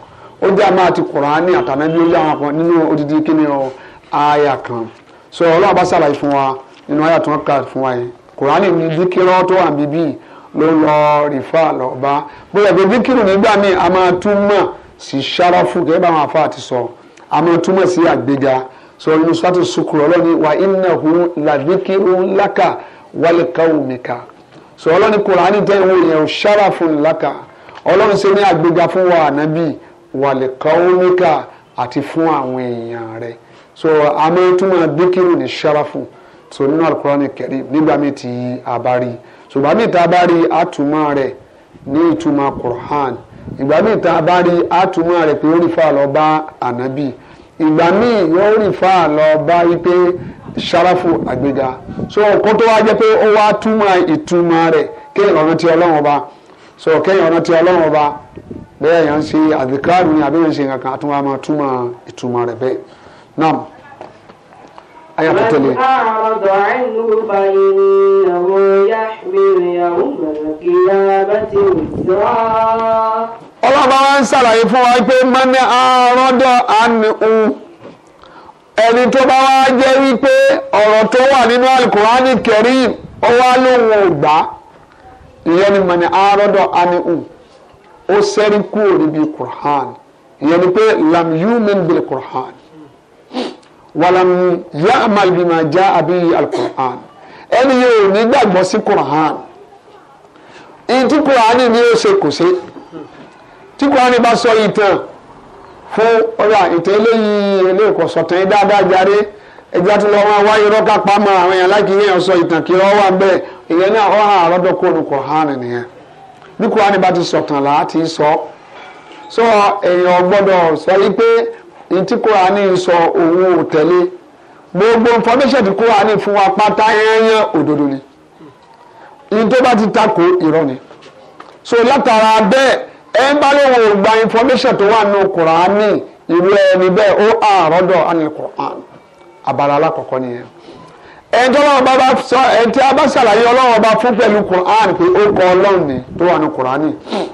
ó jẹ́ àmà àti kùránì ó wọn pọ̀ nínú so ọlọ́run bá ṣàlàyé fún wa nínú àyà tó ń kà fún wa yẹn kùránì ní díkírọ́ tó wà bíbí ló lọ rìfà lọ bá bóyá pé díkírù nígbà míì a máa túmọ̀ sí ṣáráfù gẹ́gẹ́ bá àwọn afá àti sọ a máa túmọ̀ sí àgbéga so inú sọ́tò sukùrù ọlọ́ni wa innahu làdíkírù laka wálíkàwùmíkà so ọlọ́ni kùránì tẹ́ ìwé yẹn ṣáráfù laka ọlọ́run ṣe ní àgbéga fún wa ànábì wálíkàwùmíkà àti fún àwọn èèyàn rẹ̀ so ame tuma díkìrù ni sharafu so nínú alukurani kẹrin nígbà míì tí a bá rí ṣùgbọ́n míì tá a bá rí àtúmọ̀ rẹ̀ ní ìtumọ̀ Qur'an ìgbà míì tá a bá rí àtúmọ̀ rẹ̀ pé ó rí fáà lọ bá ànábì ìgbà míì yóò rí fáà lọ bá wípé ṣarafu àgbéga so kó tó wá jẹ́ pé ó wá túmọ̀ ìtumọ̀ rẹ̀ kéèyàn ọ̀nà ti ọlọ́run ọba so kéèyàn ọ̀nà ti ọlọ́run ọba bẹ́ẹ̀ yẹn ń ṣe àdìkárù ni àbí yẹn ń ṣe nǹkan kan àtúnwá máa túmọ̀ ìtumọ̀ rẹ̀ bẹ́ẹ̀. نعم آية تتلي من أعرض عنه فإنه يحمل يوم القيامة وزرا ọlọ́ba wa ń ṣàlàyé fún wa pé mọ́ni àárọ́dọ̀ àníhù ẹni tó bá wá jẹ́ wípé ọ̀rọ̀ tó wà nínú alukurani kẹrim ó wá lóhùn ògbà ìyẹn ni mọ́ni àárọ́dọ̀ àníhù ó ṣẹ́rí kúrò níbi kurhan ìyẹn ni pé lam bil kurhan wàlámù yá àmàlùmí já àbí alukur'an ẹni yóò nígbàgbọ́ sí kur'an ìtí kur'an ni yóò ṣe kò ṣe tí kur'an bá sọ ìtàn fún ọ̀rọ̀ ìtàn eléyìí eléyìí kò sọ̀tàn yín dáadáa jáde ẹjẹ tó àwọn sọ ìtàn kí wọn wà bẹ́ẹ̀ ìyẹn náà ọ kó nìyẹn bá ti sọ sọ sọ sọ yìí ntí kúránì sọ òun tẹ̀lé gbogbo information tí fún wa pátá yányán òdodo ni ní to bá ti tako irọ́ ni so látara bẹ́ẹ̀ ẹ ń bá lóun gba information tó wà nù ìlú ẹni bẹ́ẹ̀ ó àrọ́dọ̀ àni kúránì abala alákọ̀ọ́kọ́ nìyẹn ẹni tí ọlọ́run bá bá sọ ẹni tí a bá ṣàlàyé ọlọ́run bá fún pẹ̀lú ni tó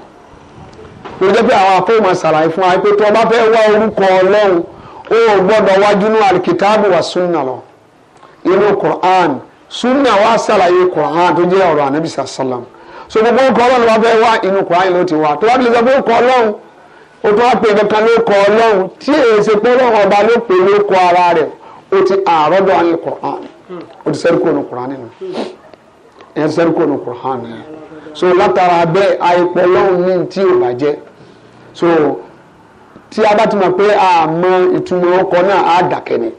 ló jẹ́ pé àwọn afọ́ọ̀mọ̀ ṣàlàyé fún wa pé tó o bá fẹ́ wá orúkọ ọlọ́run o gbọ́dọ̀ wájú ní alikitaabu wa sunna lọ inú Qur'an sunna wa ṣàlàyé Qur'an tó jẹ́ ọ̀rọ̀ anabi sallam so gbogbo orúkọ ọlọ́run wa fẹ́ wá inú Qur'an ló ti wá tó wá tilẹ̀ orúkọ ọlọ́run o tó wá pè kankan ló kọ ọlọ́run tí èyí ṣe pé ọlọ́run ti Qur'an ti Qur'an nínú so látara bẹ́ẹ̀ àìpọ̀ lọ́hùn ní tí ò bá so tí a bá ti mọ̀ pé a mọ ìtumọ̀ ọkọ̀ náà á dàkẹ́ ni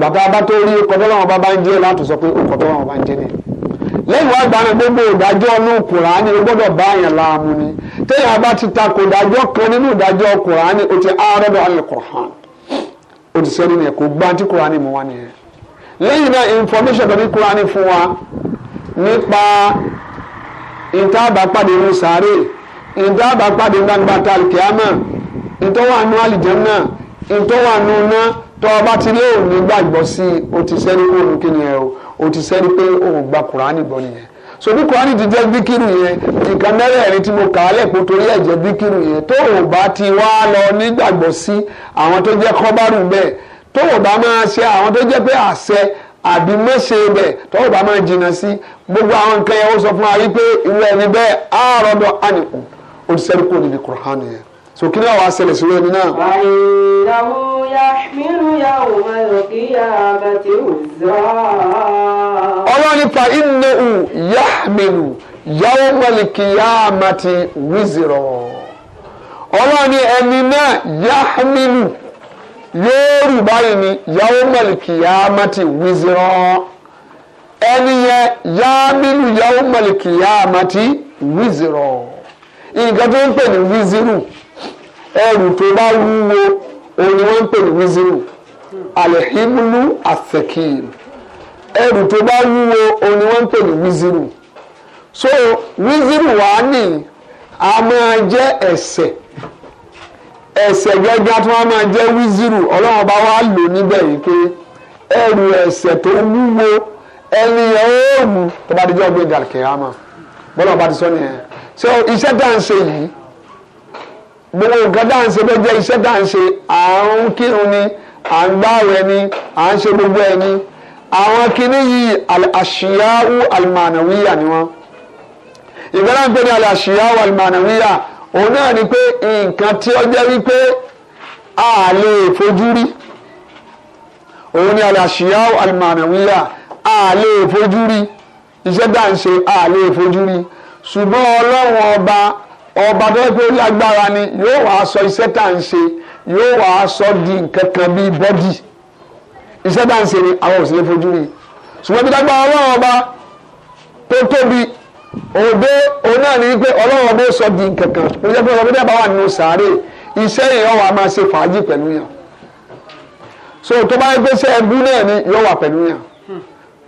bàtà bá tó rí ọkọ̀ tó lọ́wọ́ bá bá ń jẹ́ láti sọ pé ọkọ̀ tó lọ́wọ́ bá ń jẹ́ ni lẹ́yìn wá gbàgbé gbogbo ìdájọ́ inú kùránì ó gbọ́dọ̀ bá àyàn láàmú ni téèyàn bá ti takò ìdájọ́ kan nínú ìdájọ́ kùránì ó ti àárọ̀dọ̀ àlẹ́ kùránì ó ti sẹ́ni nìyẹn kò gbá tí kùránì mú wá nìyẹn lẹ́yìn náà information tó ní kùránì fún wa nípa ìta àbá pàdé inú sàárè ìta àbá pàdé gbangba ta kìámà ìtọ́wà nù àlìjẹ́nà ìtọ́wà nù ná tọ́ ọba ti lé òní gbàgbọ́ sí i o ti sẹ́ni pé òun kìnìyẹn o o ti sẹ́ni pé òun gba kùránì gbọ́ nìyẹn so bí kùránì ti jẹ́ bíkìrì yẹn nǹkan mẹ́rẹ̀ẹ̀rin tí mo kà á lẹ̀ kó torí ẹ̀ jẹ́ bíkìrì yẹn tó o bá ti wá lọ nígbàgbọ́ sí àwọn tó jẹ́ kọ́bárù bẹ́ẹ̀ tó o bá máa ṣe àwọn tó jẹ́ pé àṣẹ àbí mọ́ṣe rẹ̀ tọ́wọ́ bá máa jìnnà sí gbogbo àwọn nǹkan yẹn ó sọ fún wa rí pé irú ẹni bẹ́ẹ̀ àárọ̀ dọ̀ ànìkù olùsẹ́ríkò níbi kùrán yẹn so kí ni àwọn aṣẹlẹ̀ sí lónìí náà. àìyàwó yàmínú yàwó mẹ́lòkì yàrá tí ó zọ́. ọlọ́ni pa ìnáwó yàmínú yàwó mẹ́lòkì yàrá tí wíìzì ọlọ́ni ẹni náà yàmínú yóòrù báyìí ni yàwó mọ̀lìkì yàmátì wíṣírọ́ ẹni yẹn yàmínú yàwó mọ̀lìkì yàmátì wíṣírọ́ nǹkan tó ń pè ní wíṣírù ẹrù tó bá wúwo òun ni wọ́n ń pè ní wíṣírù alẹ́hìmúlú àfẹ́kìrì ẹrù tó bá wúwo òun ni wọ́n ń pè ní wíṣírù so wíṣírù wàá nì a máa jẹ́ ẹ̀ṣẹ̀ ẹ̀ṣẹ̀ gẹ́gẹ́ tí wọ́n máa jẹ́ wíṣírù ọlọ́run bá wá lò níbẹ̀ yìí pé ẹrù ẹ̀ṣẹ̀ tó wúwo ẹni ọ̀hún tó bá dijọ́ gbé gàlkìyàmà bọ́lá ọba ti sọ nìyẹn so iṣẹ́ tá à ń ṣe yìí gbogbo nǹkan tá à ń ṣe bẹ́ẹ̀ jẹ́ iṣẹ́ tá à ṣe à ń kírun ni à ń gbáwẹ̀ ni à ń ṣe gbogbo ẹ̀ àwọn kinní yìí àṣìyáwó àlùmọ̀nàwíyà ni wọ́n ìgbàlá ń pè ní àṣìyáwó àlùmọ̀nàwíyà òun náà ni pé nǹkan tí ó jẹ́ wípé a lè fojú rí òun ni àlàṣìyá àlùmọ̀nàwíyà a lè fojú rí iṣẹ́ dá ń ṣe a lè fojú rí ṣùgbọ́n ọlọ́run ọba ọba tó yẹ pé ó lágbára ni yóò wá sọ iṣẹ́ tá à ń ṣe yóò wá sọ di nǹkan kan bíi bọ́dì iṣẹ́ tá à ń ṣe ni àwọn òṣèré fojú rí ṣùgbọ́n ibi dágbà ọlọ́run ọba tó tóbi òde òun náà ní wípé ọlọ́run ọbẹ̀ sọ di nkankan ó jẹ́ pé ọlọ́run ọbẹ̀ bá wà nínú sàárè iṣẹ́ yìí yóò máa ṣe fàájì pẹ̀lú yàn so tó bá yẹ pé iṣẹ́ ẹbú náà ni yóò wà pẹ̀lú yàn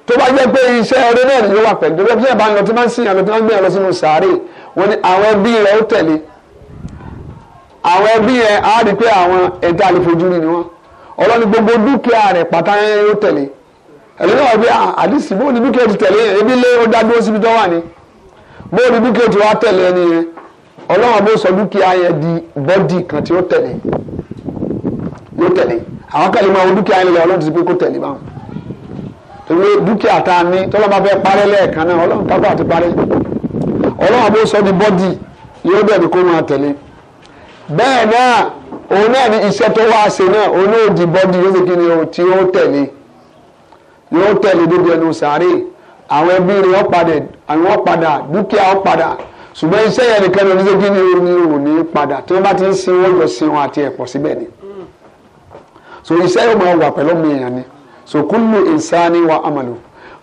tó bá yẹ pé iṣẹ́ ọdẹ náà ni yóò wà pẹ̀lú yàn tó bá yẹ bá ń lọ tí wọ́n ń sìn yàn lọ tí ń lọ sínú sàárè wọn ni àwọn ẹbí rẹ̀ ó tẹ̀lé àwọn ẹbí yẹn á rí pé àwọn ẹ̀dá àlefojúrí ni wọ́n ọlọ́ni gbogbo dúkìá rẹ̀ pátá yẹn ó tẹ̀lé ẹ̀lẹ́dàá wọ́n bí ah, àdìsí bó ni dúkìá ti tẹ̀lé ebi lé ó dá dúró síbi tó wà ni bóòlù dúkìá tí wàá tẹ̀lé ẹni yẹn ọlọ́run bó sọ dúkìá yẹn di bọ́dì kan tí ó tẹ̀lé yóò tẹ̀lé àwọn kẹlẹ́ máa wo dúkìá yẹn lọ ọlọ́run ti sọ pé kó tẹ̀lé báwọn torí dúkìá tá a ní tọ́lọ́ bá fẹ́ parẹ́ lẹ́ẹ̀kan náà ọlọ́run kápá àti parẹ́ ọlọ́run bó sọ di bọ́dì yóò bẹ̀rẹ̀ kó máa tẹ̀lé bẹ́ẹ̀ náà òun náà ní iṣẹ́ tó wá ṣe náà òun náà di bọ́dì yóò ṣe kí ni o tí yóò tẹ̀lé yóò tẹ̀lé débi ẹnu sàárè àwọn ẹbí rẹ̀ wọ́n padà àwọn wọ́n padà dúkìá wọ́n padà ṣùgbọ́n iṣẹ́ yẹn nìkan ní oníṣẹ́ kí ni ò ní padà tí wọ́n bá ti ń sin wọ́n jọ sin wọn àti ẹ̀pọ̀ síbẹ̀ ni so iṣẹ́ yóò máa wà pẹ̀lú ọmọ èèyàn ni so kullu insani wa amalu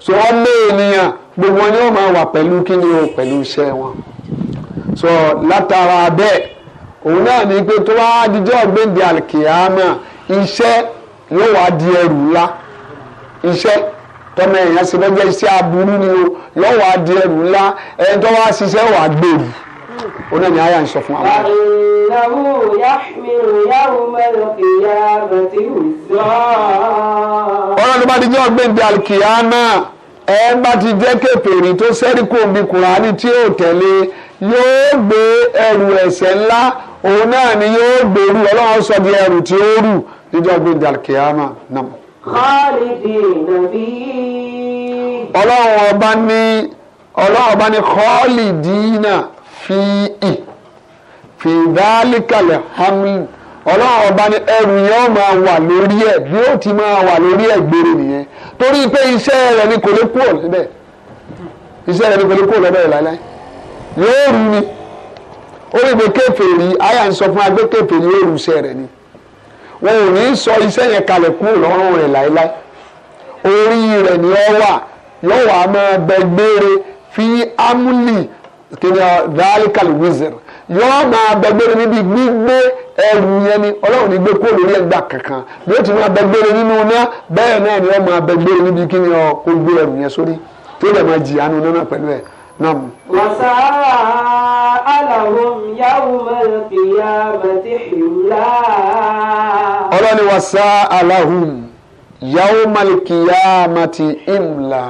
so ọmọ ènìyàn gbogbo wọn ni wọ́n máa wà pẹ̀lú kí ni o pẹ̀lú iṣẹ́ wọn so látara bẹ́ẹ̀ òun náà ni pé tó wá dijọ́ gbẹ̀ndẹ̀ àlìkìyàmà iṣẹ́ yóò wá di ẹrù ńlá iṣẹ́ tọ́mọ èèyàn ṣe lọ́jọ́ iṣẹ́ aburú ni o lọ́wọ́ adìẹ ẹrù ńlá ẹni tó wá ṣiṣẹ́ wà gbèrú ó náà ní àyà ń sọ fún àwọn. àìnáwó yàmìrì yàwó mẹ́rin kìyà bẹ̀tì wùzọ́. ọ̀rọ̀ ló bá ti jẹ́ ọ̀gbìn di àlùkìyà náà ẹ bá ti jẹ́ kèfèrí tó sẹ́rí kò bí tí yóò tẹ̀lé yóò gbé ẹrù ẹ̀ṣẹ̀ ńlá òun náà ni yóò gbèrú ọlọ́run sọ di ẹrù tí ó rù níjọ́ ọ̀gbìn àlùkìyà náà ọlọ́run ọba ní ọlọ́run ọba ní khalidina fi ì fi dálíkàlẹ̀ hamlin ọlọ́run ọba ní ẹrù yẹn ó máa wà lórí ẹ̀ bí ó ti máa wà lórí ẹ̀ gbére nìyẹn torí pé iṣẹ́ rẹ̀ ni kò lè kúrò lọ́bẹ̀ iṣẹ́ rẹ̀ ni kò lè kúrò lọ́bẹ̀ láíláí yóò rú ni ó rí i pé kèfèrí àyà ń sọ fún agbé yóò rú iṣẹ́ rẹ̀ ni wọn ò ní sọ iṣẹ́ yẹn kalẹ̀ kúrò lọ́rùn rẹ̀ láéláé orí rẹ̀ ni ọ wà yóò wà á máa bẹ gbére fi amúlì kìnìún dáríkàl wizard yóò máa bẹ níbi gbígbé ẹrù yẹn ni ọlọ́run ní gbé kúrò lórí ẹgbà kankan bí ó ti máa bẹ gbére nínú iná bẹ́ẹ̀ náà ni ọ máa bẹ gbére níbi kìnìún kó gbé ẹrù yẹn sórí tí ó dẹ̀ máa jìyà náà pẹ̀lú ẹ̀ نعم وساء لهم يوم القيامة حملا ọlọ́ni وساء لهم يوم القيامة إملا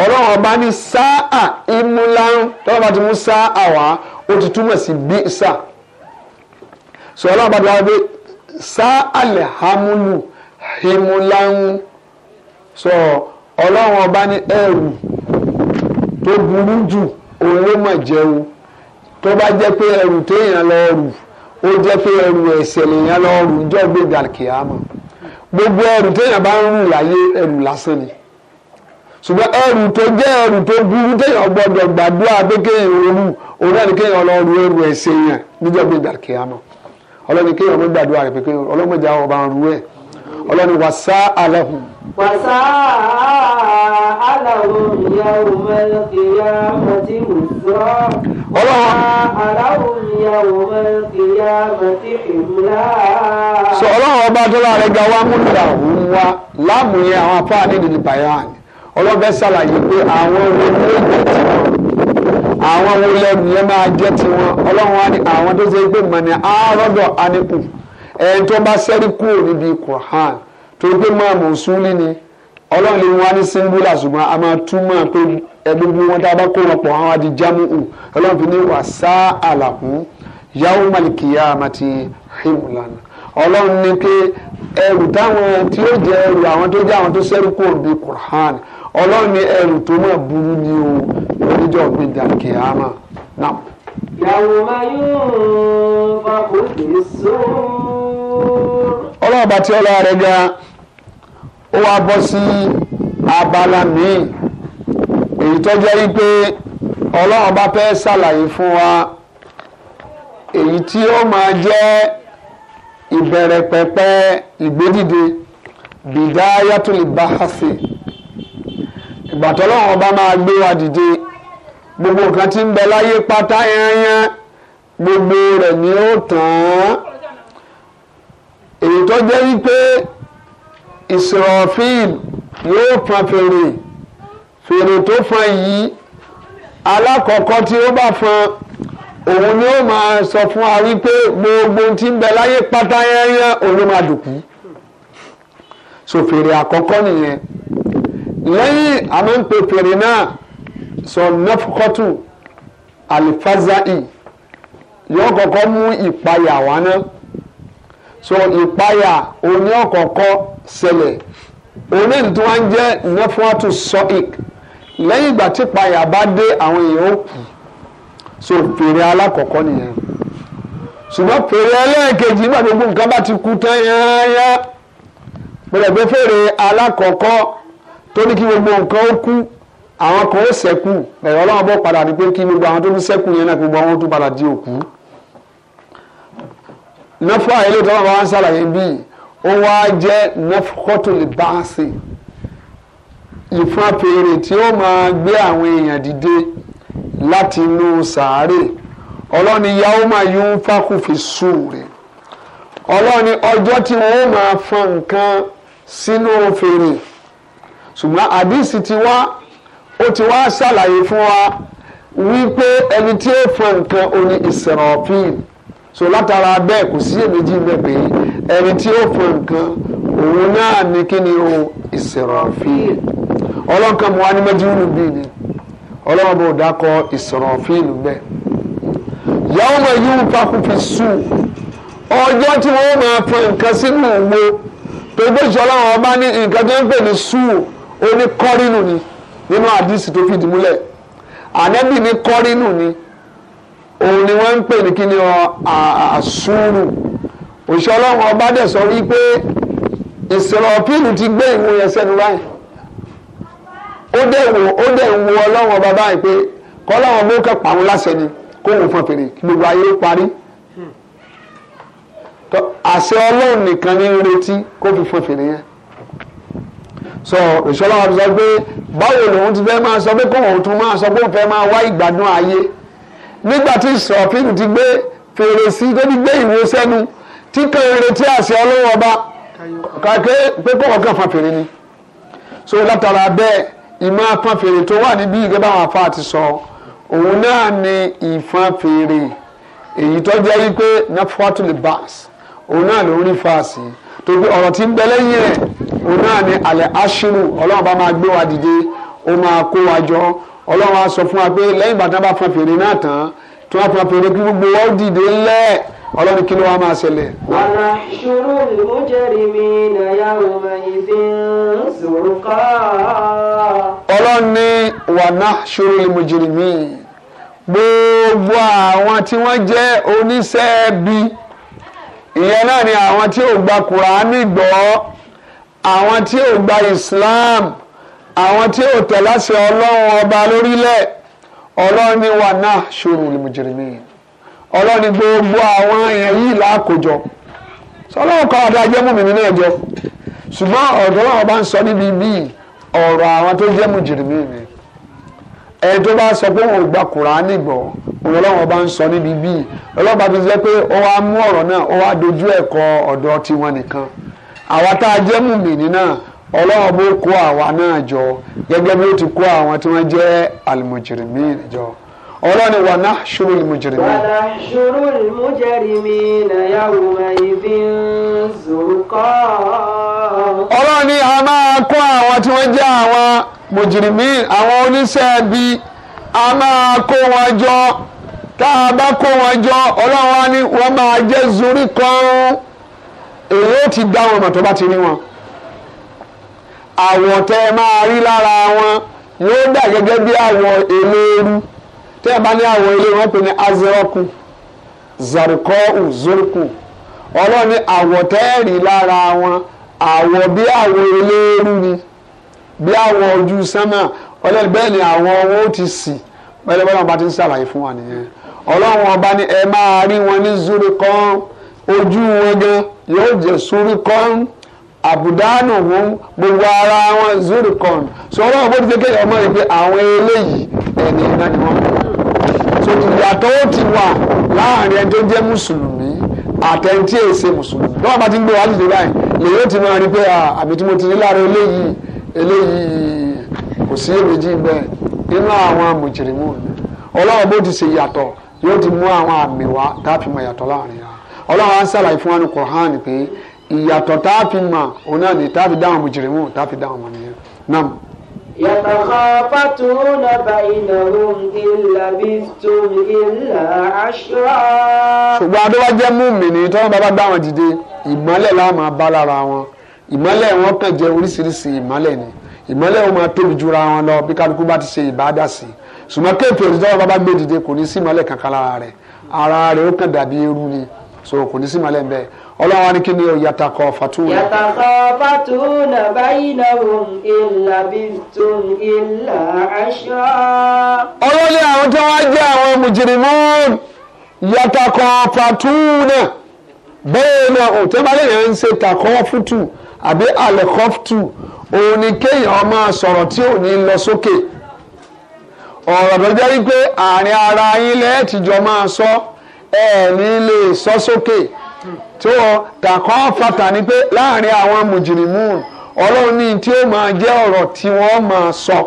ọlọ́run ọba ní sáà ìmúlá tọ́lá bá ti mú sáà wá ó ti túmọ̀ sí bíṣà sọ ọlọ́run bá ti wá pé sáà lè hamulu ìmúlá sọ ọlọ́run ọba ní ẹrù tó burú jù òun ló mọ̀ jẹun tó bá jẹ́ pé ẹrù téèyàn lọ rù ó jẹ́ pé ẹrù ẹ̀ṣẹ̀ lèèyàn lọ rù ń jọ́ gbé dàkíyàmọ̀ gbogbo ẹrù téèyàn bá ń rù láyé ẹrù lásán ni ṣùgbọ́n ẹrù tó jẹ́ ẹrù tó burú téèyàn gbọ́dọ̀ gbàdúrà pé kéèyàn olú òun ni kéèyàn lọ rù ẹrù ẹ̀ṣẹ̀ yẹn níjọ́ gbé dàkíyàmọ̀ ọlọ́ni kéèyàn ló gbàdúrà rẹ̀ pé kéèyàn ọlọ́mọdé àwọn ọba ń rú ẹ̀ ọlọ́ni wàsá àlàhùn. wàsá àlàhùn ìyá òmìnira kìyà mọ̀tí wùdúrọ̀. ọlọ́run àlàhùn ìyá òmìnira kìyà mọ̀tí ìmúlá. sọ ọlọ́run ọba tó lára ẹgbẹ́ wa mú ìlà òun wa láàmú yẹn àwọn afọ àdídìdì bayan ọlọ́fẹ́ ṣàlàyé pé àwọn wo ni ó jẹ́ tiwọn àwọn wo lẹ́nu yẹn máa jẹ́ ọlọ́run wa ni àwọn tó ṣe é gbé mọ̀ àárọ̀dọ̀ anikun ẹni tó bá sẹ́rí kúrò níbi Quran torí pé máa mùsùlùmí ni ọlọ́run lè wá ní singular ṣùgbọ́n a máa túmọ̀ pé ẹgbẹ́gbẹ́ wọn tá a bá kó wọn pọ̀ àwọn àti jámùú ọlọ́run fi ní wàsá àlàkùn yàwó màlìkìyà àmàtì himlan ọlọ́run ní pé ẹrù táwọn tí ó jẹ ẹrù àwọn tó jẹ àwọn tó sẹ́rí kúrò níbi Quran ọlọ́run ní ẹrù tó máa burú ni o oníjọ́ gbẹ̀dàkìyà àmà náà ọlọ́run bá tí ọlọ́run rẹ̀ ga ó wá bọ́ sí abala míì èyí tó jẹ́ wípé ọlọ́run bá fẹ́ ṣàlàyé fún wa èyí tí ó máa jẹ́ ìbẹ̀rẹ̀ pẹ̀pẹ̀ ìgbédìde bìdáyàtúlì báhásì ìgbà tọ́lọ́run bá máa gbé wa dìde gbogbo nǹkan tí ń bẹ láyé pátá yányán gbogbo rẹ̀ ni ó tán èyí tó jẹ́ wípé ìsirọ̀fíìn yóò fan fèrè fèrè tó fan yìí alákọ̀ọ́kọ́ tí ó bá fan òun ni ó máa sọ fún wa wípé gbogbo tí ń bẹ láyé pátá yányán òun ló máa dùnkù so fèrè àkọ́kọ́ nìyẹn lẹ́yìn àmọ́ ń pe fèrè náà sọ nẹ́fúkọ́tù àlìfáàzáì yóò kọ́kọ́ mú ìpayà wá ná so ìpayà òní ọ̀kọ̀ọ̀kọ́ ṣẹlẹ̀ òní tí wọ́n ń jẹ́ nẹ́fúkọ́tù sọ́ìk lẹ́yìn ìgbà tí ìpayà bá dé àwọn èèyàn ó kù so fèrè alákọ̀ọ́kọ́ nìyẹn ṣùgbọ́n fèrè ẹlẹ́ẹ̀kejì nígbà gbogbo nǹkan bá ti kú tán yáyá pẹ̀lẹ́gbẹ́ fèrè alákọ̀ọ́kọ́ tó ní kí gbogbo nǹkan ó kú àwọn kan ó sẹ́kù ẹ̀rọ ọlọ́run bọ́ padà ní pé kí gbogbo àwọn tó ń sẹ́kù yẹn náà kí gbogbo àwọn tó padà di òkú. nọ́fọ̀ àyẹ̀lẹ́ tó wọ́n máa ń ṣàlàyé bíi ó wá jẹ́ nọ́fọ̀kọ́tò lè bá a sè ìfún apèrè tí ó máa gbé àwọn èèyàn dìde láti inú sàárè ọlọ́ni yahoo máa yún fákùfì sùn rẹ̀ ọlọ́ni ọjọ́ tí wọ́n máa fọn nǹkan sínú fèrè ṣùgbọ́n àdìsí ti wá ó ti wá ṣàlàyé fún wa wípé ẹni tí ó fọ nǹkan ó ní Israfil so látara bẹ́ẹ̀ kò sí èméjì mẹ́pẹ́ ẹni tí ó fọ nǹkan òun náà ní kí ni o Israfil ọlọ́nkàn mu wa ní mẹ́jìlú bíi ni ọlọ́wọ́ bó dákọ Israfil bẹ́ẹ̀ yàwó máa yí wọn fàkú fi sùn ọjọ́ tí wọ́n máa fọ nǹkan sínú òwò tó gbé jọlọ́wọ́ bá ní nǹkan tó ń pè ní sùn ó ní kọ́rínù ni. Su, nínú àdìsí tó fìdí múlẹ̀ ànẹ́bì ní kọ́rínù ni òun ni wọ́n ń pè ní kí ni àsúrù òṣìṣẹ́ ọlọ́run ọba dẹ̀ sọ wípé ìsọ̀rọ̀pìlù ti gbé ìwé yẹn sẹ́nu báyìí ó dẹ̀ wò ó dẹ̀ ń wo ọlọ́run ọba báyìí pé kọ́ bó kẹ́ pàrọ̀ láṣẹ ni kó wò fún fèrè gbogbo ayé parí àṣẹ ọlọ́run nìkan ní retí kó fi fún fèrè yẹn so ìṣọlá wa sọ pé báwo lòun ti fẹ́ máa sọ pé kóun tún máa sọ pé òun fẹ́ máa wá ìgbádùn ayé nígbà tí sọ̀fíìmù ti gbé fèrèsí tó ti gbé ìwé sẹ́nu tí kò retí àṣẹ ọlọ́wọ́ ọba kàké pé kóun kàn fa fèrè ni so látara bẹ́ẹ̀ ìmọ̀ afán fèrè tó wà níbí ìgbẹ́ báwọn afá ti sọ òun náà ni ìfọn fèrè èyí tó jẹ́ wípé nafuatu libas òun náà ló ń rí fáàsì tó gbé ọ̀rọ̀ tí ń bẹ lẹ́yìn rẹ̀ òun náà ni àlẹ́ aṣírù ọlọ́run bá máa gbé wa dìde ó máa kó wa jọ ọlọ́run á sọ fún wa pé lẹ́yìn bàtà bá fọn fèrè náà tán tí wọ́n fọn fèrè kí gbogbo wọn dìde ńlẹ̀ ọlọ́run kí ló wá máa ṣẹlẹ̀. wàrà ṣòro ló jẹ́rìí mi náyà òun ìdí ṣòrùkà. ọlọ́run ní wàrà ṣòro ló jẹ́rìí mi gbogbo àwọn tí wọ́n jẹ́ oníṣẹ́ bí ìyẹn náà ni àwọn tí ò gba Kùránì gbọ́ àwọn tí ò gba Islam àwọn tí ò tẹ̀ láṣẹ ọlọ́run ọba lórílẹ̀ ọlọ́run ní wà náà ṣòro lùmùjìrìmí ọlọ́run ní gbogbo àwọn èèyàn yìí lákòjọ sọlọ́run kọ́ adá jẹ́ mùmìnì náà jọ ṣùgbọ́n ọ̀dọ́ wọn bá ń sọ níbi bíi ọ̀rọ̀ àwọn tó jẹ́ mùjìrìmí ni ẹni tó bá sọ pé òun ò gba kùránì gbọ́ òun ọlọ́run bá ń sọ níbi bíi ọlọ́ba tó jẹ́ pé ó wá mú ọ̀rọ̀ náà ó wá dojú ẹ̀kọ́ ọ̀dọ́ tiwọn nìkan àwa tá a jẹ́ mùmìnì náà ọlọ́run bó kó àwa náà jọ gẹ́gẹ́ bí ó ti kó àwọn tí wọ́n jẹ́ àlùmọ̀jìrìmí jọ ọlọ́ni wà náà ṣòro ìmùjẹ̀rìmí. wà náà ṣòro ìmùjẹ̀rìmí nàyàwó ìbí zòkọ́. ọlọ́ni a máa kó àwọn tí wọ́n jẹ́ àwọn mùjẹ̀rìmí àwọn oníṣẹ́ ibi a máa kó wọn jọ tá a bá kó wọn jọ ọlọ́run á ní wọ́n máa jẹ́ zorí kan èyí ó ti dá wọn mọ̀ tó bá ti rí wọn àwọ̀ tẹ́ ẹ máa rí lára wọn yóò dà gẹ́gẹ́ bí àwọ̀ eléeru tẹ́ ẹ bá ní àwọ̀ eléeru wọ́n pè ní azẹ́ọ̀kù zarukọ́ù zorukù ọlọ́run ní àwọ̀ tẹ́ ẹ rí lára wọn àwọ̀ bí àwọ̀ eléeru ni bí àwọ̀ ojú sánmà ọlọ́run bẹ́ẹ̀ ni àwọn wọn ó ti sì pẹ́lẹ́pẹ́lẹ́ wọn bá ti ń ṣàlàyé fún wa nìyẹn ọlọ́run ọba ní ẹ máa rí wọn ní zorukọ́ù ojú wọn gan yóò jẹ́ súrúkọ́n àbùdánù wọn gbogbo ara wọn zurikọ́n sọ̀rọ̀ àwọn bóti kékeré ọmọ rẹ̀ pé àwọn eléyìí ẹni iná ni wọ́n. so ìyàtọ̀ ó ti wà láàrin ẹni tó jẹ́ mùsùlùmí àtẹ̀ntì èsè mùsùlùmí lọ́wọ́ bá ti ń gbé wàhálà ìdílé báyìí lèyí ó ti máa rí pé àbí tí mo ti rí lára eléyìí eléyìí kò sí èméjì bẹ́ẹ̀ nínú àwọn mùjìrìmù ọlọ́wọ́ bó ṣe yàtọ̀ yóò ti mú àwọn àmì wá tá a yàtọ̀ láàrin wa ọlọ́run á sàlàyé fún wa ní Kùránì pé ìyàtọ̀ tá a fi mà òun náà ni tá a fi dáhùn mùjìrìmù tá a fi dáhùn mọ̀ nìyẹn náà. يتخافتون بينهم إن لبثتم إلا عشرا. ṣùgbọ́n adé wá jẹ́ múmìnì tí wọ́n bá dá dìde ìmọ́lẹ̀ la máa bá lára wọn ìmọ́lẹ̀ wọn kàn jẹ́ oríṣiríṣi ìmọ́lẹ̀ ni ìmọ́lẹ̀ wọn máa tóbi jura wọn lọ bí kálukú bá ti ṣe ìbáàdà sí i ṣùgbọ́n kéèpì òṣìṣẹ́ wọn bá gbé dìde kò ní sí ìmọ́lẹ̀ kankan lára rẹ̀ ara rẹ̀ ó kàn dàbí eérú ni so kò ní sí màlẹ́ bẹ́ẹ̀ ọlọ́run wa ni kí ni o yàtà kọ fatu. yàtà kọ fatu na báyìí na òun ìlà bí tún ìlà aṣọ. ọlọ́lé àwọn tó wá jẹ́ àwọn mùjìrìmọ́ọ̀n yàtà kọ fatu na bẹ́ẹ̀ náà ò tẹ́ bá lè yẹn ń ṣe takọ́ fútù àbí alẹ́kọ́fútù òun ni kéèyàn máa sọ̀rọ̀ tí ò ní lọ sókè ọ̀rọ̀ tó jẹ́ wípé àárín ara yín lẹ́ẹ̀tìjọ́ máa sọ. So ẹ̀ẹ̀ni lè sọ sókè tí wọ́n tàkọ́ fata ni pé láàrin àwọn mùjìrìmùn ọlọ́run ní tí ó máa jẹ́ ọ̀rọ̀ tí wọ́n máa sọ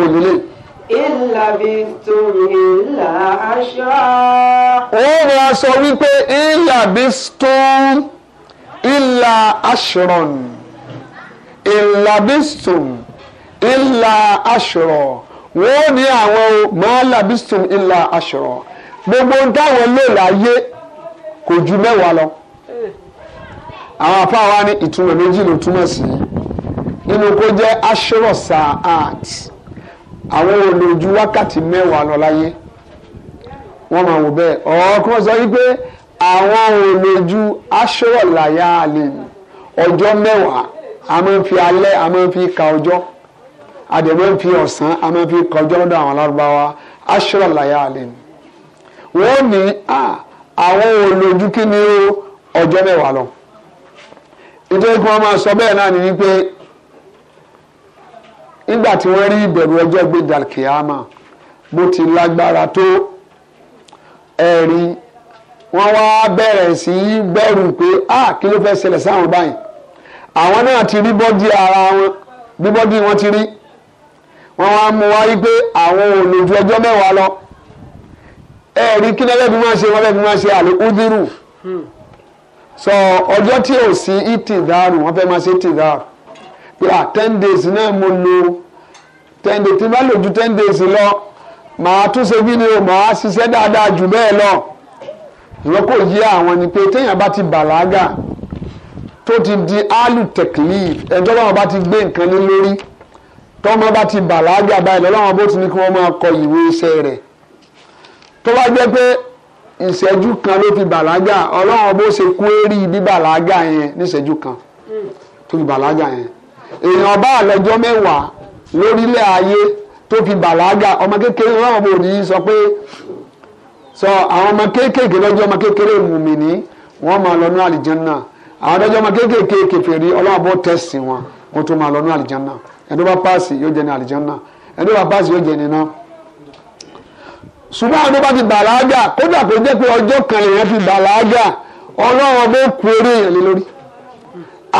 òlélẹ̀. ìlà bí torí ìlà aṣọ. ó máa sọ wípé ìlà ìlà aṣọrọ̀n ìlà ìlà aṣọrọ̀ wọ́n ní àwọn o máa ìlà aṣọrọ̀ gbogbo táwọn lò láyé kò ju mẹ́wàá lọ àwọn apá wa ní ìtumọ̀ méjì ló túmọ̀ sí nínú kó jẹ́ aṣọ́rọ̀sà art àwọn olójú wákàtí mẹ́wàá lọ láyé wọ́n máa wò bẹ́ẹ̀ ọ̀ọ́kùnrin sọ wípé àwọn olójú aṣọ́rọ̀láyà lè ọjọ́ mẹ́wàá a máa ń fi alẹ́ a máa ń fi ka ọjọ́ a dẹ̀ máa ń fi ọ̀sán a máa ń fi ka ọjọ́ lọ́dọ̀ àwọn alárúbáwá aṣọ́rọ̀láyà lè ní wọ́n ní àwọn olójú kí ni ó ọjọ́ mẹ́wàá lọ. nítorí kí wọ́n máa sọ bẹ́ẹ̀ náà ni wípé nígbà tí wọ́n rí ìbẹ̀rù ọjọ́ gbé dàkíyàmà bó ti lágbára tó ẹ̀rí wọ́n wá bẹ̀rẹ̀ sí í bẹ̀rù pé ah kí ló fẹ́ ṣẹlẹ̀ sáwọn báyìí àwọn náà ti rí bọ́dí ara wọn bí bọ́dí wọn ti rí wọ́n wá mú wá wípé àwọn ò ọjọ́ mẹ́wàá lọ ẹ̀rí kí náà lẹ́bi máa ṣe wọ́n lẹ́bi máa ṣe àlè údírù hmm. sọ ọjọ́ tí ò sí ìtìdáàrù wọ́n fẹ́ máa ṣe ìtìdáàrù pé à ah, ten days náà mo lò ten days tí n bá lò ju ten days lọ màá tún ṣe bí ni o màá ṣiṣẹ́ dáadáa jù bẹ́ẹ̀ lọ ìwọ́n kò yí àwọn ni pé téèyàn bá ti bàlágà tó ti di alu teklif ẹjọ́ báwọn bá ti gbé nǹkan ní lórí tọ́mọ bá ti bàlágà báyìí lọ́wọ́ bó ti ní kí wọ́n máa kọ ìwé iṣẹ́ rẹ̀ tó wá jẹ́ pé ìṣẹ́jú kan ló fi bàlágà ọlọ́run bó ṣe kú érí bí bàlágà yẹn níṣẹ́jú kan tó fi bàlágà yẹn èèyàn bá àlọ́jọ́ mẹ́wàá lórílẹ̀ ayé tó fi bàlágà ọmọ kékeré ọlọ́run bò ní sọ pé sọ àwọn ọmọ kéékèèké lọ́jọ́ ọmọ kékeré mùmìnì wọ́n máa lọ ní àlìjánná àwọn ọ̀dọ́jọ́ ọmọ kéékèèké kèfèrí ọlọ́run bó tẹ̀sí wọn kó tó máa lọ ní àlìjánná ẹni tó bá páàsì yóò jẹ ní àlìjánná ẹni tó bá páàsì yóò jẹ ní náà ṣùgbọ́n àwọn tó bá ti bàlágà kódà kó jẹ́ pé ọjọ́ kan èèyàn fi bàlágà ọlọ́run bó ku eré èèyàn lé lórí.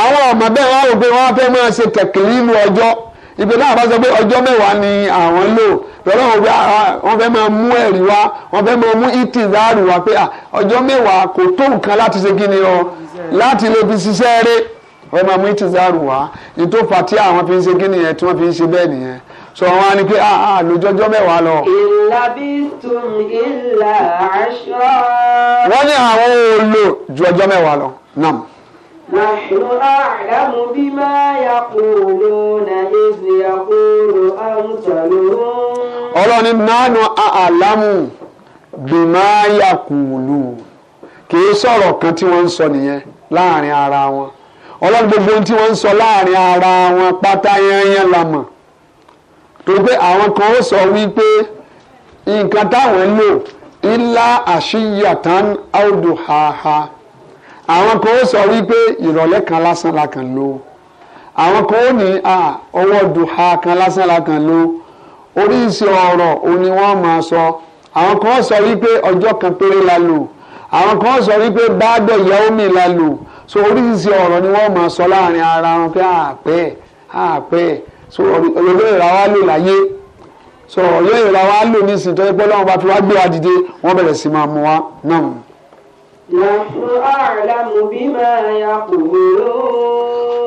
àwọn ọmọ bẹ́ẹ̀ wá rò pé wọ́n fẹ́ máa ṣe kẹ̀kẹ́rì ìlú ọjọ́ ìgbé náà bá sọ pé ọjọ́ mẹ́wàá ni àwọn lò lọ́dọ̀ wọn bá wọn fẹ́ máa mú ẹ̀rí wá wọn fẹ́ máa mú ìtìzáàrù wá pé ọjọ́ mẹ́wàá kò tó nǹkan láti ṣe kí ni ọ láti lè fi ṣiṣẹ́ eré wọn máa mú ìtìzáàrù wá ìtòfà àwọn fi ń ṣe kí nìyẹn tí wọ́n fi ń ṣe bẹ́ẹ̀ nìyẹn sọ wọn á ní pé àá ah, ah, lójọ́jọ́ mẹ́wàá lọ. ìlàbí tún ìlà aṣọ. wọ́n ní àwọn ò ju ọjọ́ mẹ́wàá lọ nam. نحن أعلم بما يقولون إذ يقول أمثلهم ọlọ́ni nánú àlámù bìmáyàkùlù kìí sọ̀rọ̀ kan tí wọ́n ń sọ nìyẹn láàrin ara wọn ọlọ́ni gbogbo tí wọ́n ń sọ láàrin ara wọn pátá yẹn yẹn la mọ̀ tó pé àwọn kan ó sọ wípé nǹkan táwọn lò ilá àṣìyàtàn áùdù haha àwọn kan ó sọ wípé ìrọ̀lẹ́ kan lásán la kàn lò àwọn kan ó ní ọwọ́ duha kan lásán la kàn lò oríṣi ọ̀rọ̀ òní wọ́n máa sọ àwọn kan sọ wípé ọjọ́ kan péré la lò àwọn kan sọ wípé báàdọ̀ ìyàwó mi la lò so oríṣi ọ̀rọ̀ ni wọ́n máa sọ láàrin ara wọn pé àpẹ́ àpẹ́ so ọ̀yọ́ yóò ra wa lò láyé so ọ̀yọ́ yóò ra wa lò ní ìsìn tó yẹ pé ọlọ́run bá fi wá gbé wa dìde wọ́n bẹ̀rẹ̀ sí máa mú wa náà.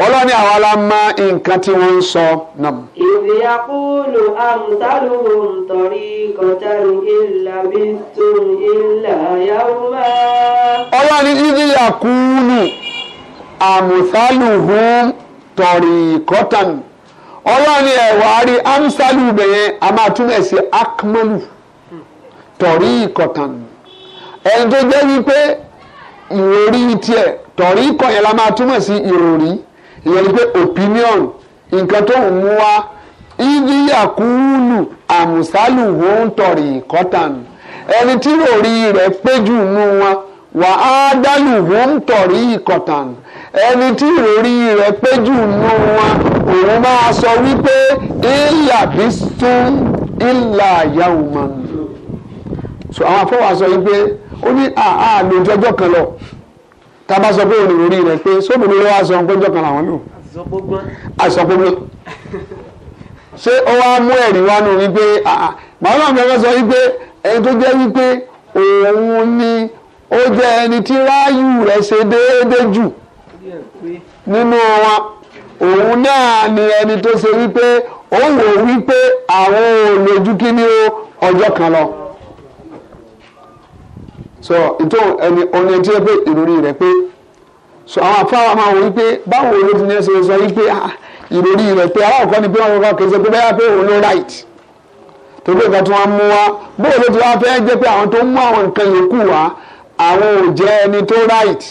Ọlọ́ni àwa la mọ nǹkan tí wọ́n ń sọ náà. Idh yaqulu amthaluhum tariqatan in labithtum illa yawma. Ọlọ́ni idh yaqulu amthaluhum tariqatan ọlọ́ni ẹ̀wà rí amsalu bẹ̀yẹn a máa túmọ̀ sí akmalu tọ̀rí ìkọ̀tàn ẹni tó jẹ́ wípé ìròrí tiẹ̀ tọ̀rí ìkọ̀ yẹn la máa túmọ̀ sí ìròrí ìyẹn ni pé opinion nǹkan tó ń mú wá ìdí yàkúùlù àmùsálù wo ń tọ̀rí ìkọ̀tàn ẹni tí ìròrí rẹ̀ péjú nù wọn wà á dálù wo ń tọ̀rí ìkọ̀tàn ẹni tí ìròrí rẹ̀ pé jù nù wọn òun máa sọ wípé ìlà bí tún ìlà àyàwó máa ń lò so àwọn afọwọ́ sọ wípé ó ní àlò jọjọ́ kan lọ tá a bá sọ pé olùròrí rẹ̀ pé sóbìnrin ló wá sọ pé jọjọ́ kan làwọn lò àìsọ̀gbọ́gbọ́ ṣé ó wá mú ẹ̀rí wá nù wípé màálù àmì ọ̀gá sọ wípé ẹni tó jẹ́ wípé òun ni ó jẹ́ ẹni tí ráàyù rẹ̀ ṣe déédéé jù nínú wọn òun náà ni ẹni tó ṣe wípé ó wò wípé àwọn ò lójú kí ni ó ọjọ́ kan lọ so ìtò ẹni ọ̀nà tí ó pé ìròrí rẹ̀ pé so àwọn afáwà máa wọ wípé báwo ló ti ní ẹsẹ sọ wípé ah, ah, ìròrí rẹ̀ pé aláwọ̀kọ́ ni pé wọ́n kọ́kọ́ kì í ṣe pé bẹ́ẹ̀ pé òun ló right tó pé nǹkan tí wọ́n mú wa bóyá ló ti wá fẹ́ jẹ́ pé àwọn tó mú àwọn nǹkan yòókù wá àwọn ò jẹ́ ẹni tó right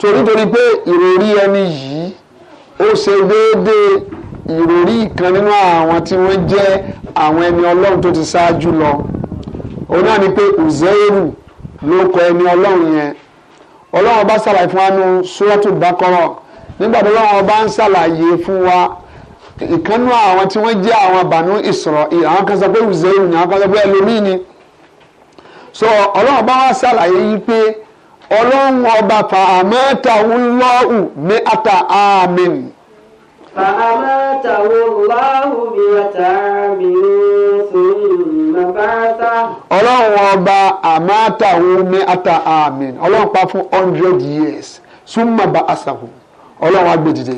torí torí pé ìròrí ẹni yìí ó ṣe déédéé ìròrí kan nínú àwọn tí wọ́n jẹ́ àwọn ẹni ọlọ́run tó ti ṣáájú lọ òun náà ni pé uzeiru ló kọ ẹni ọlọ́run yẹn ọlọ́run bá ṣàlàyé fún wa nu suratul Baqara nígbà tó ọlọ́run bá ń ṣàlàyé fún wa ìkànnú àwọn tí wọ́n jẹ́ àwọn Banu Isra'il àwọn kan sọ pé uzeiru ni àwọn kan sọ pé ẹlòmíì ni so ọlọ́run bá wá ṣàlàyé yìí pé ọlọ́run ọba fàámẹ́tàwó lọ́hù ní ata amen. fàámẹ́tàwó lọ́hù ní ata amen ọlọ́run ọba àmátàwó ní ata amen ọlọ́run pa fún hundred years súnmọ́ bá aṣàwò ọlọ́run agbèdìde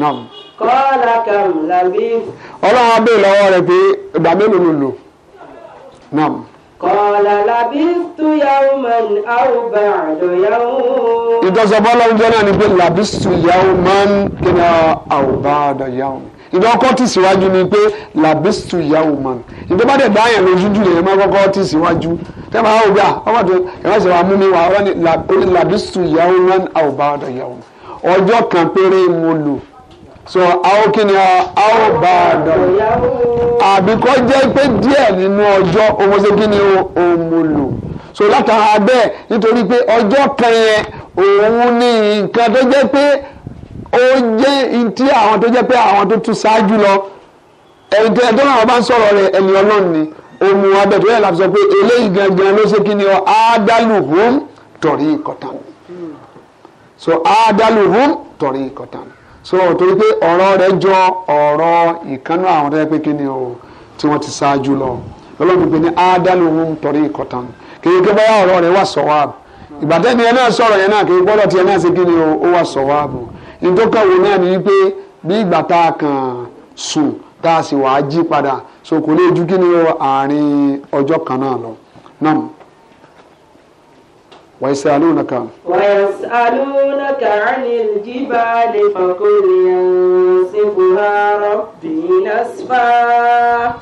náà. kọ́lá kàm làbí. ọlọ́run abẹ́ ìlọ́wọ́ rẹ̀ pé ìgbà mélòó ló lò náà ìtọ́sọ̀bọ́ lọ́wọ́ jẹ́ náà ni pé làbísù yàwó máa ń kéde àwòbá ọ̀dọ̀ yàwó ìdọ́kọ́ tì síwájú ni pé làbísù yàwó máa ń ìjọba dẹ̀ bá yàn lójú jù lèyàn máa kọ́kọ́ tì síwájú tẹ́ máa wò bí ọmọ tó yàrá ìṣẹ̀lẹ̀ wa mú mi wá wọ́n ní làbísù yàwó máa ń àwòbá ọjọ́ kan péré mo lò so àwọn kí ni àwọn bá a dàn àbí kọ́ jẹ́ pé díẹ̀ nínú ọjọ́ ọmọọṣẹ́ kí òmùlò so látara bẹ́ẹ̀ nítorí pé ọjọ́ kan yẹn òun ni nǹkan tó jẹ́ pé ó jẹ́ ntí àwọn tó jẹ́ pé àwọn tó tún ṣáájú lọ ẹni tó yẹ tó náà bá ń sọ̀rọ̀ rẹ̀ ẹni ọlọ́run ni òun abẹ́tò yẹn la sọ pé eléyìí gangan ló ṣe kí ni ọ adaluhum torí kọ̀tàn so adaluhum torí so torí pé ọ̀rọ̀ rẹ̀ jọ ọ̀rọ̀ ìkànnú àwọn tó yẹ pé kíni o tí wọ́n ti ṣáájú lọ lọ́lọ́run pé ní áádálù ohun torí ìkọ̀tàn kéèké báyà ọ̀rọ̀ rẹ̀ wà sọ̀wáàbù ìgbàdẹ́ni ẹ náà sọ̀rọ̀ yẹn náà kéèké gbọ́dọ̀ tiẹ̀ náà ṣe kíni o ó wà sọ̀wáàbù ìdókòwò náà ni pé bí ìgbà tá a kàn sùn tá a sì wàá jí padà so kò lè ju kíni o àárín ọjọ́ kan náà lọ náà. ويسألونك ويسألونك عن الجبال فقل ينسفها ربي نسفا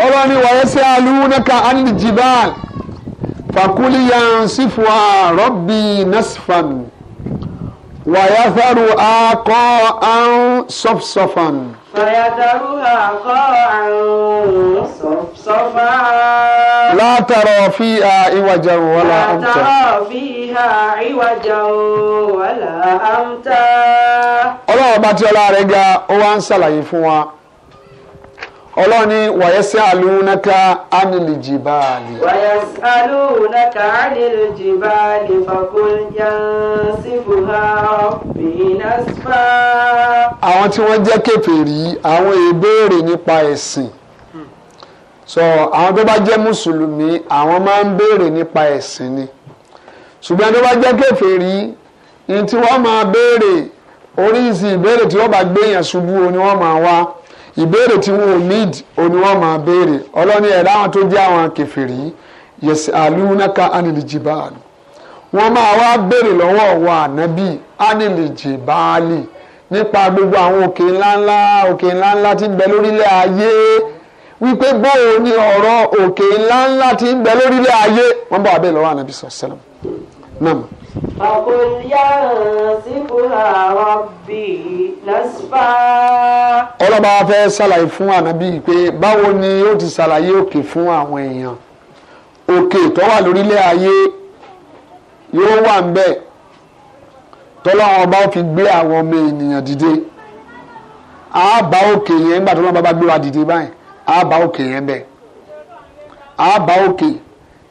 ọlọ́ni ويسألونك عن الجبال فقل ينسفها ربي نسفا wàyáfàrú akọ àrùn sọfsọfàn. wàyáfàrú akọ àrùn sọfsọfàn. látàrọ fi ha ìwàjà wọlá amta. látàrọ fi ha ìwàjà wọlá amta. ọlọ́run bá tí ọlá rẹ̀ ga ó wá ń ṣàlàyé fún wa ọlọ́ni wàyẹ́sẹ̀ àlùnàkà ánìlìjìbáàlì. wàyẹ́sẹ̀ àlùnàkà ánìlìjìbáàlì fàkùn yansifuha bìnnàsfà. àwọn tí wọ́n jẹ́ kèfèrí àwọn ìbéèrè nípa ẹ̀sìn so àwọn tó bá jẹ́ mùsùlùmí àwọn máa ń béèrè nípa ẹ̀sìn ni ṣùgbọ́n tó bá jẹ́ kèfèrí ní tí wọ́n máa béèrè oríṣi ìbéèrè tí wọ́n bá gbé yẹn ṣubú ni wọ́n máa wá. ìbéèrè tí wọn ò need òní máa béèrè ọlọ́ni ẹ̀rọ àwọn tó jẹ́ àwọn yẹsẹ̀ wọ́n máa wá béèrè lọ́wọ́ wa ànábì anìlìjìbáàlì nípa gbogbo àwọn òkè ńláńlá òkè ńláńlá tí ń bẹ lórílẹ̀ ayé wípé bóò ni ọ̀rọ̀ òkè ńláńlá tí ń bẹ lórílẹ̀ ayé wọ́n bá wà lọ́wọ́ ànábì sọ̀sẹ́lẹ̀m náà. ọlọ́ba fẹ́ ṣàlàyé fún ànábì pé báwo ni ó ti ṣàlàyé òkè fún àwọn èèyàn òkè tó wà lórílẹ̀ ayé yóò wà ń bẹ̀ tọ́lọ́wọ́n ọba ó fi gbé àwọn ọmọ ènìyàn dìde á bá òkè yẹn nígbà tọ́lọ́wọ́n bá gbé wa dìde báyìí á bá òkè yẹn bẹ̀ á bá òkè yẹn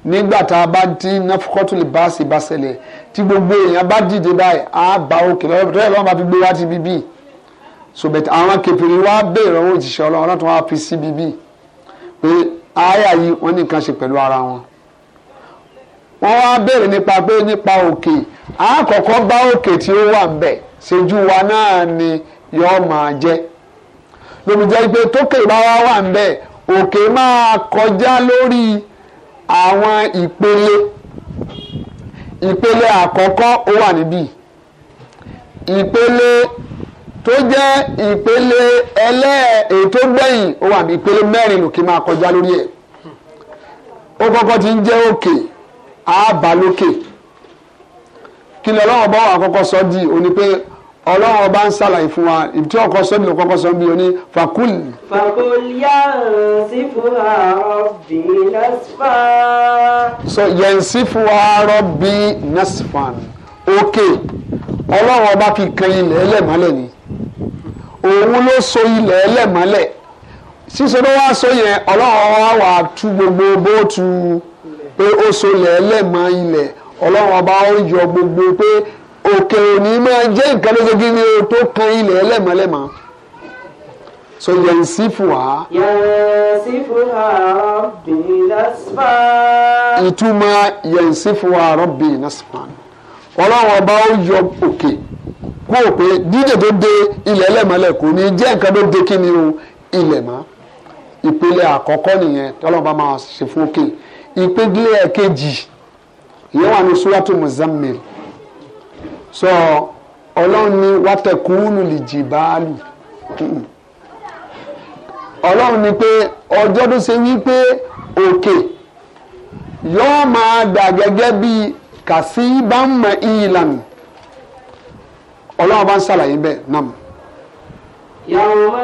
nígbà tá a bá dín nafukọ́tùlì báàsì bá ṣẹlẹ̀ tí gbogbo èèyàn bá dìde báyìí á bá òkè lọ́wọ́ tó yẹ lọ́wọ́ máa fi gbé wá ti bíbí sòbẹ̀tì àwọn kẹfìrí wá béèrè owó òjìṣẹ́ ọlọ́run láti wọ́n á fi sí bíbí pé àyà yìí wọ́n ní nǹkan ṣe pẹ̀lú ara wọn. wọ́n wá béèrè nípa pé nípa òkè àkọ́kọ́ bá òkè tí ó wà ńbẹ̀ ṣojú wa náà ni yọ́ọ́ máa jẹ́ lómi jẹ́ pé tókè bá wá wà ńbẹ̀ òkè máa kọjá lórí àwọn ìpele ìpele àkọ́kọ́ ó wà níbí ìpele tó jẹ́ ìpele ẹlẹ́ ètò gbẹ̀yìn ó wà ní ìpele mẹ́rin lòkè máa kọjá lórí ẹ̀ ó kọ́kọ́ ti ń jẹ́ òkè àbálòkè kí ni ọlọ́run bá wà kọ́kọ́ sọ di òní pé ọlọ́run ọba ń ṣàlàyé fún wa ibi ọkọ sọ́ni ọkọ kọ́ bí oní fakul. fakul yansifu rabbi nasfa. so yansifu rabbi nasfan òkè ọlọ́run ọba kì í kan ilẹ̀ ẹlẹ́mọ́lẹ̀ ni òun ló so ilẹ̀ ẹlẹ́mọ́lẹ̀ sísọ ló wá so yẹn ọlọ́run ọba wà á tú gbogbo bóòtù pé ó so ilẹ̀ ẹlẹ́mọ́ ilẹ̀ ọlọ́run ọba yọ gbogbo pé òkè òní máa jẹ́ nǹkan ló ṣe kí ni o tó kan ilẹ̀ ẹlẹ́mọ̀lẹ́mọ̀ so yẹn sí fún wa. yẹn sí fún wa rọ́bì nasfa. ìtumọ̀ yẹn sí fún wa rọ́bì nasfa. ọlọ́run ọba ó yọ òkè kó o pé dídè tó de ilẹ̀ ẹlẹ́mọ̀lẹ́ kò ní jẹ́ nǹkan tó de kí ni o ilẹ̀ mọ́ ìpele àkọ́kọ́ nìyẹn tọ́lọ́ba máa ṣe fún òkè ìpele ẹ̀kejì ìyẹn wà ní suratu Muzammil so ọlọ́run ní wátẹ̀kùnú lè jì báàlù ọlọ́run ní pé ọjọ́ tó ṣe wípé òkè yóò máa dà gẹ́gẹ́ bíi kàṣíbámà ìlànà ọlọ́run bá ń ṣàlàyé bẹ́ẹ̀ náà. yàrá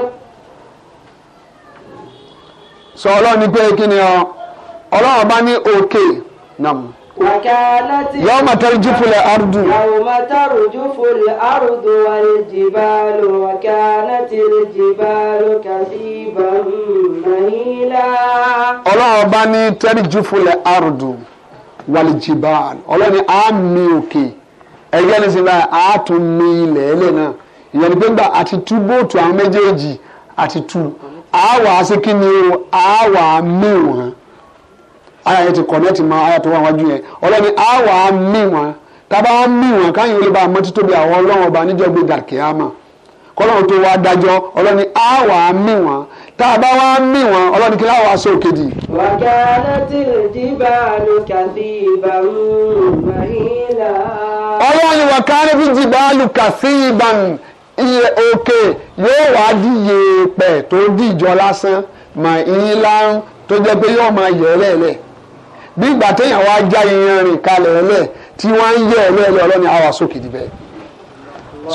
sọ ọlọ́run ní pé kí ni ọ ọlọ́run bá ní òkè náà yawma tarjufu al-ardu yawma tarjufu al-ardu wal jibalu wa kanat al-jibalu kasiban mahila Ọlọ́run bá ní ardu wal jibal Ọlọ́run á mi òkè ẹgbẹ́ ní sinmi á tún mi ilẹ̀ ẹlẹ́ náà ìyẹn ni pé nígbà àti tú bóòtù àwọn méjèèjì àti tú àá wàá sí kí ni o àá wàá aya yẹn ti kọ̀nẹ́tì mọ́ aya tó wọn tábà á mí wọn ọba níjọ́ gbé dàkíyàmà kọ́lọ́run tó wá dájọ́ ọlọ́ni á wà á mí wọn tábà wàkàlẹ́tì ló wàkàlẹ́tì ló iye òkè yóò wá di yèèpẹ̀ tó dìjọ lásán mà tó jẹ́ bí ìgbà téèyàn wá já iyanrìn kalẹ̀ ẹlẹ̀ tí wọ́n ń yẹ ẹlẹ́ ẹlẹ́ ọlọ́ni àwa sókè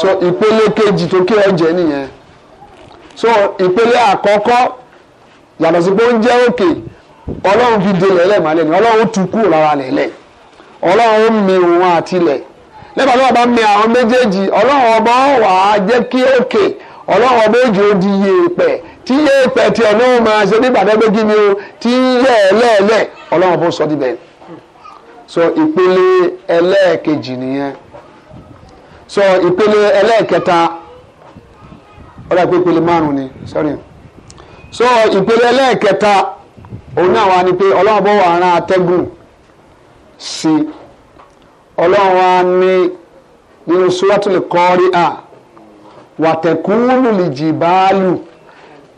so ìpele kejì tó kí ọ jẹ so ìpele àkọ́kọ́ yàtọ̀ sí pé ó ń jẹ́ òkè ọlọ́run fi ni ọlọ́run tu kúrò lára ọlọ́run mi òun àtilẹ̀ lẹ́bàá lọ́wọ́ bá mi àwọn méjèèjì ọlọ́run ọba wàá jẹ́ kí òkè ọlọ́run ọba tí yé pẹ̀ tí ọlọ́run máa ṣe ní ìbàdàgbégi ni o tí yẹ ẹlẹ́ẹ̀lẹ́ ọlọ́run bó sọ níbẹ̀ so ìpele ẹlẹ́ẹ̀kejì nìyẹn so ìpele ẹlẹ́ẹ̀kẹta ọ̀rọ̀ àpò ìpele márùn ni sorry so ìpele ẹlẹ́ẹ̀kẹta òun náà wà ní pé ọlọ́run bó wà rán atẹ́gùn sí ọlọ́run wa ní nínú suratul Qari'ah wàtẹ̀kùnlù lìjìbáàlù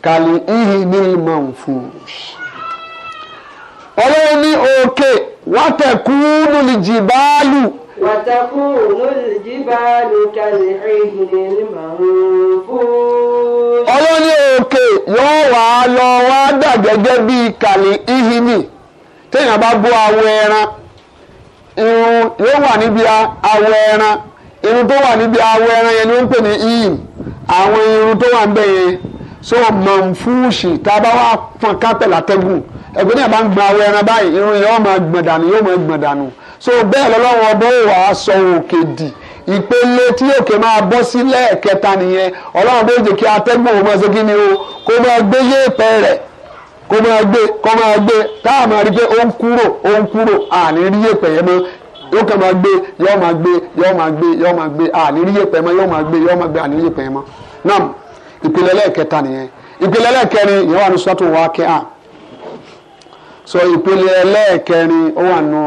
kàlí ihi ní manfus ọlọ́run ní òkè wàtẹ̀kùnú lè jì báàlù. wàtẹ̀kùnú lè jì báàlù kàlí ihi ní manfus. ọlọ́run ní òkè yóò wá lọ wá dà gẹ́gẹ́ bíi kàlí ihi ní téèyàn bá bó awọ ẹran irun yóò wà níbi awọ ẹran irun tó wà níbi awọ ẹran yẹn ni wọ́n ń pè ní ihim àwọn irun tó wà ń bẹ̀ so mọ̀nfúùsì tá a bá wá fọn kápẹ́ látẹ́gùn ẹgbẹ́ náà bá ń gbọn awọ ẹran báyìí irun yẹn wọ́n máa gbọ̀n dànù yóò máa gbọ̀n dànù so bẹ́ẹ̀ lọ́lọ́wọ́ bó wàá sọ òkè dì ìpele tí òkè máa bọ́ sí lẹ́ẹ̀kẹta nìyẹn ọlọ́run bó jẹ́ kí atẹ́gùn òun máa ṣe kí ni o kó máa gbé yéèpẹ̀ rẹ̀ kó máa gbé kó máa gbé táà máa rí pé ó ń kúrò ó ń kúrò àní rí yéèpẹ̀ yẹn mọ́ yóò kàn máa gbé yóò máa gbé yóò máa gbé yóò máa gbé àní rí yéèpẹ̀ mọ́ yóò máa gbé yóò máa gbé àní rí yéèpẹ̀ yẹn mọ́ náà ìpele ẹlẹ́ẹ̀kẹta nìyẹn ìpele ẹlẹ́ẹ̀kẹrin ìyẹn wà ní sọ́tò wákẹ́à so ìpele ẹlẹ́ẹ̀kẹrin ó wà nù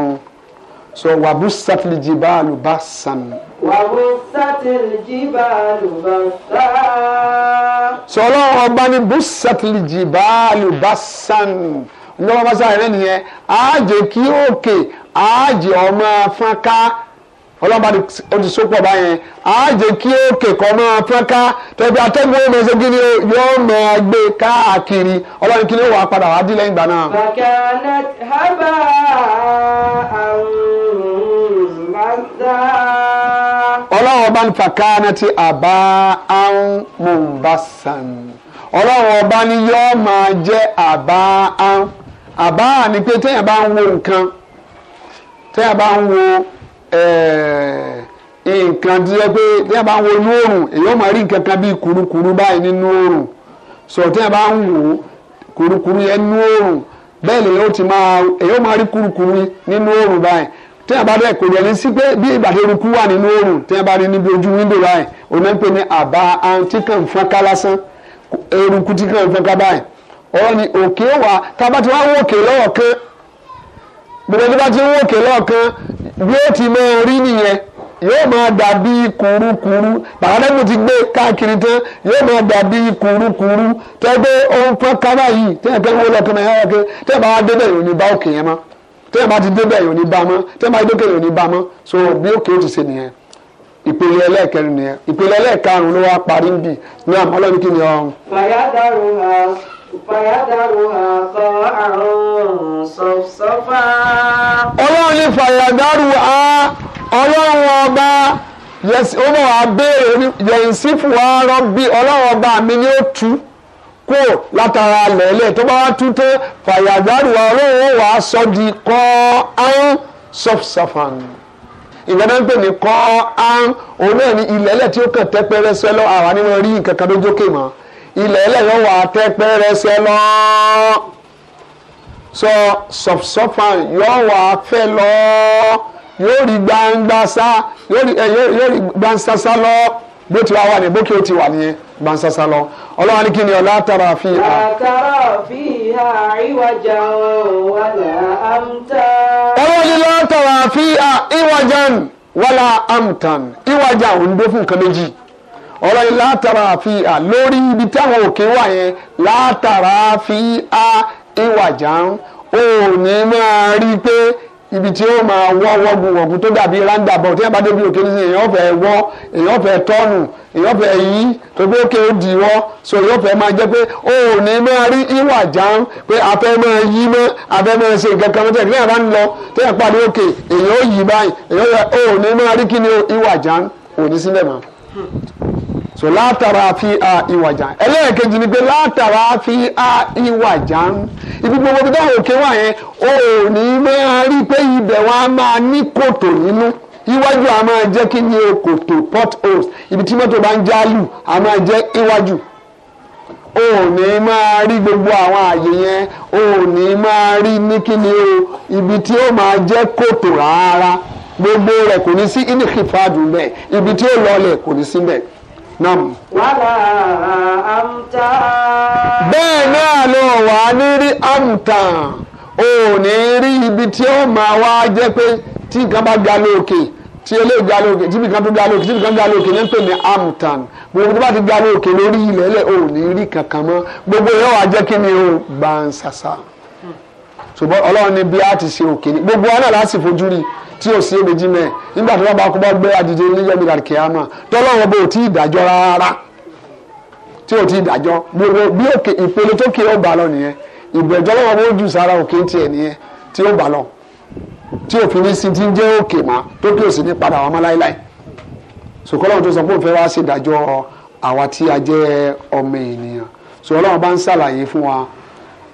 so wàbú sátìlì jìbá àlùbá sàn. wàbú sátìlì jìbá àlùbá sàn. so ọlọ́run ọba ní bú sátìlì jìbá àlùbá sàn ńlọ́wọ́ bá sáré nìyẹn àá jẹ́ kí òkè àá jẹ́ ọmọ fọ́nká ọlọ́run bá ó ti sópọ̀ báyẹn á jẹ́ kí òkè kọ́ máa fẹ́ká tẹ̀bí atẹ́gùn ó máa ṣe kí ni yóò máa gbé káàkiri ọlọ́run kí ni wàá padà wá dí lẹ́yìn ìgbà náà. bàkàlà hábà àrùn màdá. ọlọ́run ọba ní fàkànà ti àbá àrùn mùbásàn ọlọ́run ọba ní yóò máa jẹ́ àbá àrùn àbá ni pé téèyàn bá ń wo nǹkan téèyàn bá ń wo. Eh, nǹkan tí yẹ pé tí yẹn bá ń wo inú oòrùn èyàn máa rí nǹkan kan bíi kurukuru báyìí nínú oòrùn sọ tí yẹn bá ń wò kurukuru yẹn nínú oòrùn bẹ́ẹ̀ lèyàn ó ti máa èyàn máa rí kurukuru nínú oòrùn báyìí tí yẹn bá dẹ̀ kò dẹ̀ ní sí pé bí ìgbà tó rúkú wà nínú oòrùn tí yẹn bá rí níbi ojú wíńdò báyìí òun náà ń pè ní àbá ahun tí lásán eruku tí kàn báyìí ọ̀rọ̀ ni òkè wà tábàtí yóò ti mọ orí nìyẹn yóò máa dàbí kùrukùru tàbádẹ́gbò ti gbé káàkiri tán yóò máa dàbí kùrukùru tẹ́gbẹ́ ohun pọ́n kára yìí tẹ́gbẹ́ wọ́n lọ́kàn náà yára ké tẹ́ bá débẹ̀ yóò ní bá òkè yẹn mọ́ tẹ́ ti débẹ̀ yóò ní bá mọ́ tẹ́ bá yóò ní bá mọ́ so bí òkè ó ti ṣe nìyẹn ìpele ẹlẹ́ẹ̀kẹrin nìyẹn ìpele ẹlẹ́ẹ̀karùn-ún ló wá parí ń bì ní àmọ́ ọlọ́run kí ni ọ. fàyà ọlọ́run ní fàyàdárù á ọlọ́run ọba yẹsì ó bọ̀ wá béèrè yẹ̀yìn sí fún wa rọ́bì ọlọ́run ọba mi ni ó tú kó látara lẹ́lẹ̀ tó bá wá tú tó fàyàdárù á ọlọ́run ó wàá sọ di kọ́ áhùn sọ́fṣàfàn ìgbàdá ń pè ní kọ́ áhùn òun náà ní ilẹ̀lẹ̀ tí ó kàn tẹ́pẹ́rẹ́sẹ́ lọ́wọ́ àwa nínú rí nǹkan kan tó jókè mọ́ ilẹ̀ ẹlẹ́yọ̀ wà tẹ́ pẹ́rẹsẹ lọ sọ sọfsọfàn yóò wà fẹ́ lọ yóò rí gbangbasa yóò rí gbansasa lọ bó ti wá wà ní bókè ó ti wà nìyẹn gbansasa lọ ọlọ́run ní kí ni ọ̀la tara fi hà. àtàrà fi hà ìwàjà wàlà amtan. ọlọ́run ní lọ́tàrà fi hà ìwàjà wàlà amtan ìwàjà òǹdó fún nǹkan méjì ọlọ́ni látara fi hà lórí ibi táwọn òkè wà yẹn látara fi hà ìwàjà ń ò ní máa rí pé ibi tí ó máa wọ́ wọ́gunwọ̀gun tó dàbí roundabout tí wọ́n bá débi òkè nísìnyí èèyàn fẹ́ wọ́ èèyàn fẹ́ tọ́nù èèyàn fẹ́ yí tó òkè ó dì wọ́ so èèyàn fẹ́ máa jẹ́ pé ó ní máa rí ìwà jàn pé a fẹ́ máa yí mọ́ a fẹ́ máa ṣe nǹkan kan tẹ̀ kíyàn bá ń lọ tẹ̀yàn pàdé òkè èèyàn ó yí báyìí èèyàn ó ní máa rí kí ni ìwà jàn òní sílẹ̀ mọ́ so látara fi a ìwàjà ẹlẹ́ẹ̀kejì ni pé látara fi a ìwàjà ibi gbogbo bí táwọn òkè wà yẹn o ò ní máa rí pé ibẹ̀ wọn á máa ní kòtò nínú iwájú a máa jẹ́ kí ni kòtò potholes ibi tí mọ́tò bá ń jálù a máa jẹ́ iwájú o ò ní máa rí gbogbo àwọn àyè yẹn o ní máa rí ní kí ni o ibi tí ó máa jẹ́ kòtò rárá gbogbo rẹ̀ kò ní sí inú kìfàdùn bẹ́ẹ̀ ibi tí ó lọlẹ̀ kò ní sí bẹ́ẹ̀ Nam. Wàlá àmta. Bẹ́ẹ̀ náà ló wà ní rí àmta. O ò ní rí ibi tí ó máa wá jẹ́ pé tí nǹkan bá ga lókè tí eléyìí ga lókè tí nǹkan tó ga lókè tí nǹkan ga lókè ní pè ní amtan gbogbo tó bá ti ga lókè lórí ilẹ̀ ẹlẹ́ o ò ní rí kankan mọ́ gbogbo yóò wá jẹ́ kí ni o gbà ń sàṣà. Ṣùgbọ́n Ọlọ́run ní bí a ti ṣe òkè ni gbogbo wa náà láti fojú rí i tí ò sí èméjì mẹ́ nígbà tó bá kú bá gbé adìde níjọ́ gbé dàrí kìámà tọ́lọ́wọ́ bó tí ì dájọ́ rárá tí ò tí ì dájọ́ gbogbo bí òkè ìpele tó kéré ó bá lọ nìyẹn ìbẹ̀jọ́ lọ́wọ́ bó jù sára òkè tiẹ̀ nìyẹn tí ó bá lọ tí òfin ní sí ti ń jẹ́ òkè mọ́ tó kí òsì ní padà wọn láéláé sòkòlọ́wọ́ tó sọ pé òun fẹ́ wá sí ìdájọ́ àwa tí a jẹ́ ọmọ ènìyàn sòkòlọ́wọ́ bá ń ṣàlàyé fún wa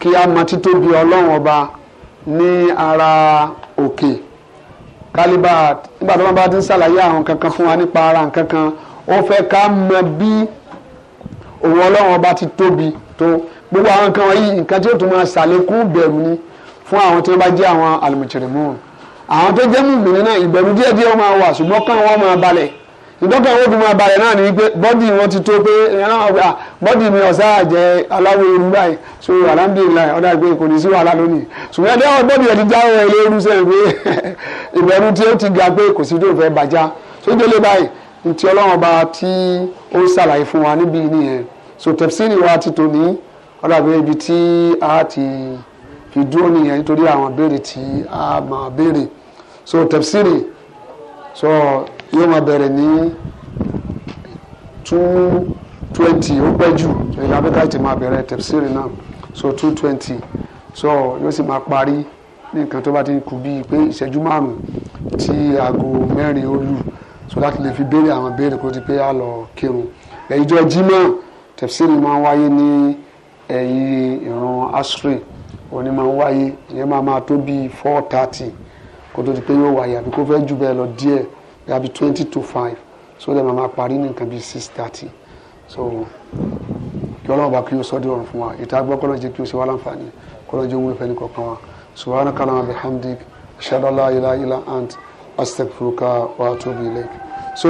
kí a mọ títóbi ọlọ́run ọba ní ara òkè. Okay kálíbà nígbà tó bá ti ń ṣàlàyé àwọn kankan fún wa nípa ara nǹkan kan ó fẹ́ ká mọ bí òun ọlọ́run ọba ti tóbi tó gbogbo àwọn nǹkan wọ̀nyí nǹkan tí ó tún máa ṣàlékún bẹ̀rù ni fún àwọn tí wọ́n bá jẹ́ àwọn àlùmọ̀tìrìmọ́ọ̀nù àwọn tó jẹ́ mùmìnira ìbẹ̀rù díẹ̀díẹ̀ máa wà ṣùgbọ́n káwọn máa balẹ̀ ìdọ́kẹ́ owó fún mi abalẹ̀ náà ni pé bọ́dì wọn ti tó pé ah, ah, bọ́dì mi ọ̀sá àjẹ aláwọ̀ ewu báyìí so alhamdulilayi ọ̀dà ìpè kò ní sí wàhálà lónìí ṣùgbọ́n ẹ̀dá wọn bọ́dì ẹ̀dí já ẹ̀ lérú sẹ́yìn pé ìbẹ̀rù tí ó ti ga pé kò sí tó fẹ́ bàjá so délé báyìí ntí ọlọ́run ọba tí ó ṣàlàyé fún wa níbí nìyẹn so tẹ̀síìnì wa ti tò ní ọ̀dà ìpè ibi a ti fi dúró nìyẹn nítorí àwọn béèrè tí a máa béèrè yóò máa bẹ̀rẹ̀ ní two twenty ó pẹ́ jù ẹ̀yà abẹ́ká ti máa bẹ̀rẹ̀ tẹ̀síìrì náà so two twenty so yóò sì máa parí ní nǹkan tó bá ti kù bíi pé ìṣẹ́jú márùn-ún tí aago mẹ́rin ó lù so láti lè fi béèrè àwọn béèrè kó ti pé á lọ kírun ẹ̀yìnjọ́ jimá tẹ̀síìrì máa ń wáyé ní ẹ̀yìn ìran asre òní máa ń wáyé ìyẹn máa máa tó bíi four thirty kó tó di pé yóò wáyé àbí kó fẹ́ jù bẹ́ẹ̀ lọ díẹ̀ be twenty to five so dẹ̀ mama parí ní nǹkan bíi six thirty so kí ọlọ́run bá kí o sọ́dọ̀ ọ̀run fún wa ìta gbọ́ kọ́lọ́n jẹ́ kí o ṣe wá láǹfààní kọ́lọ́n jẹ́ òun ìfẹ́ ní kọ̀ọ̀kan wa subhanaka allahumma bihamdik ashhadu an la ilaha illa ant astaghfiruka wa atubu ilayk.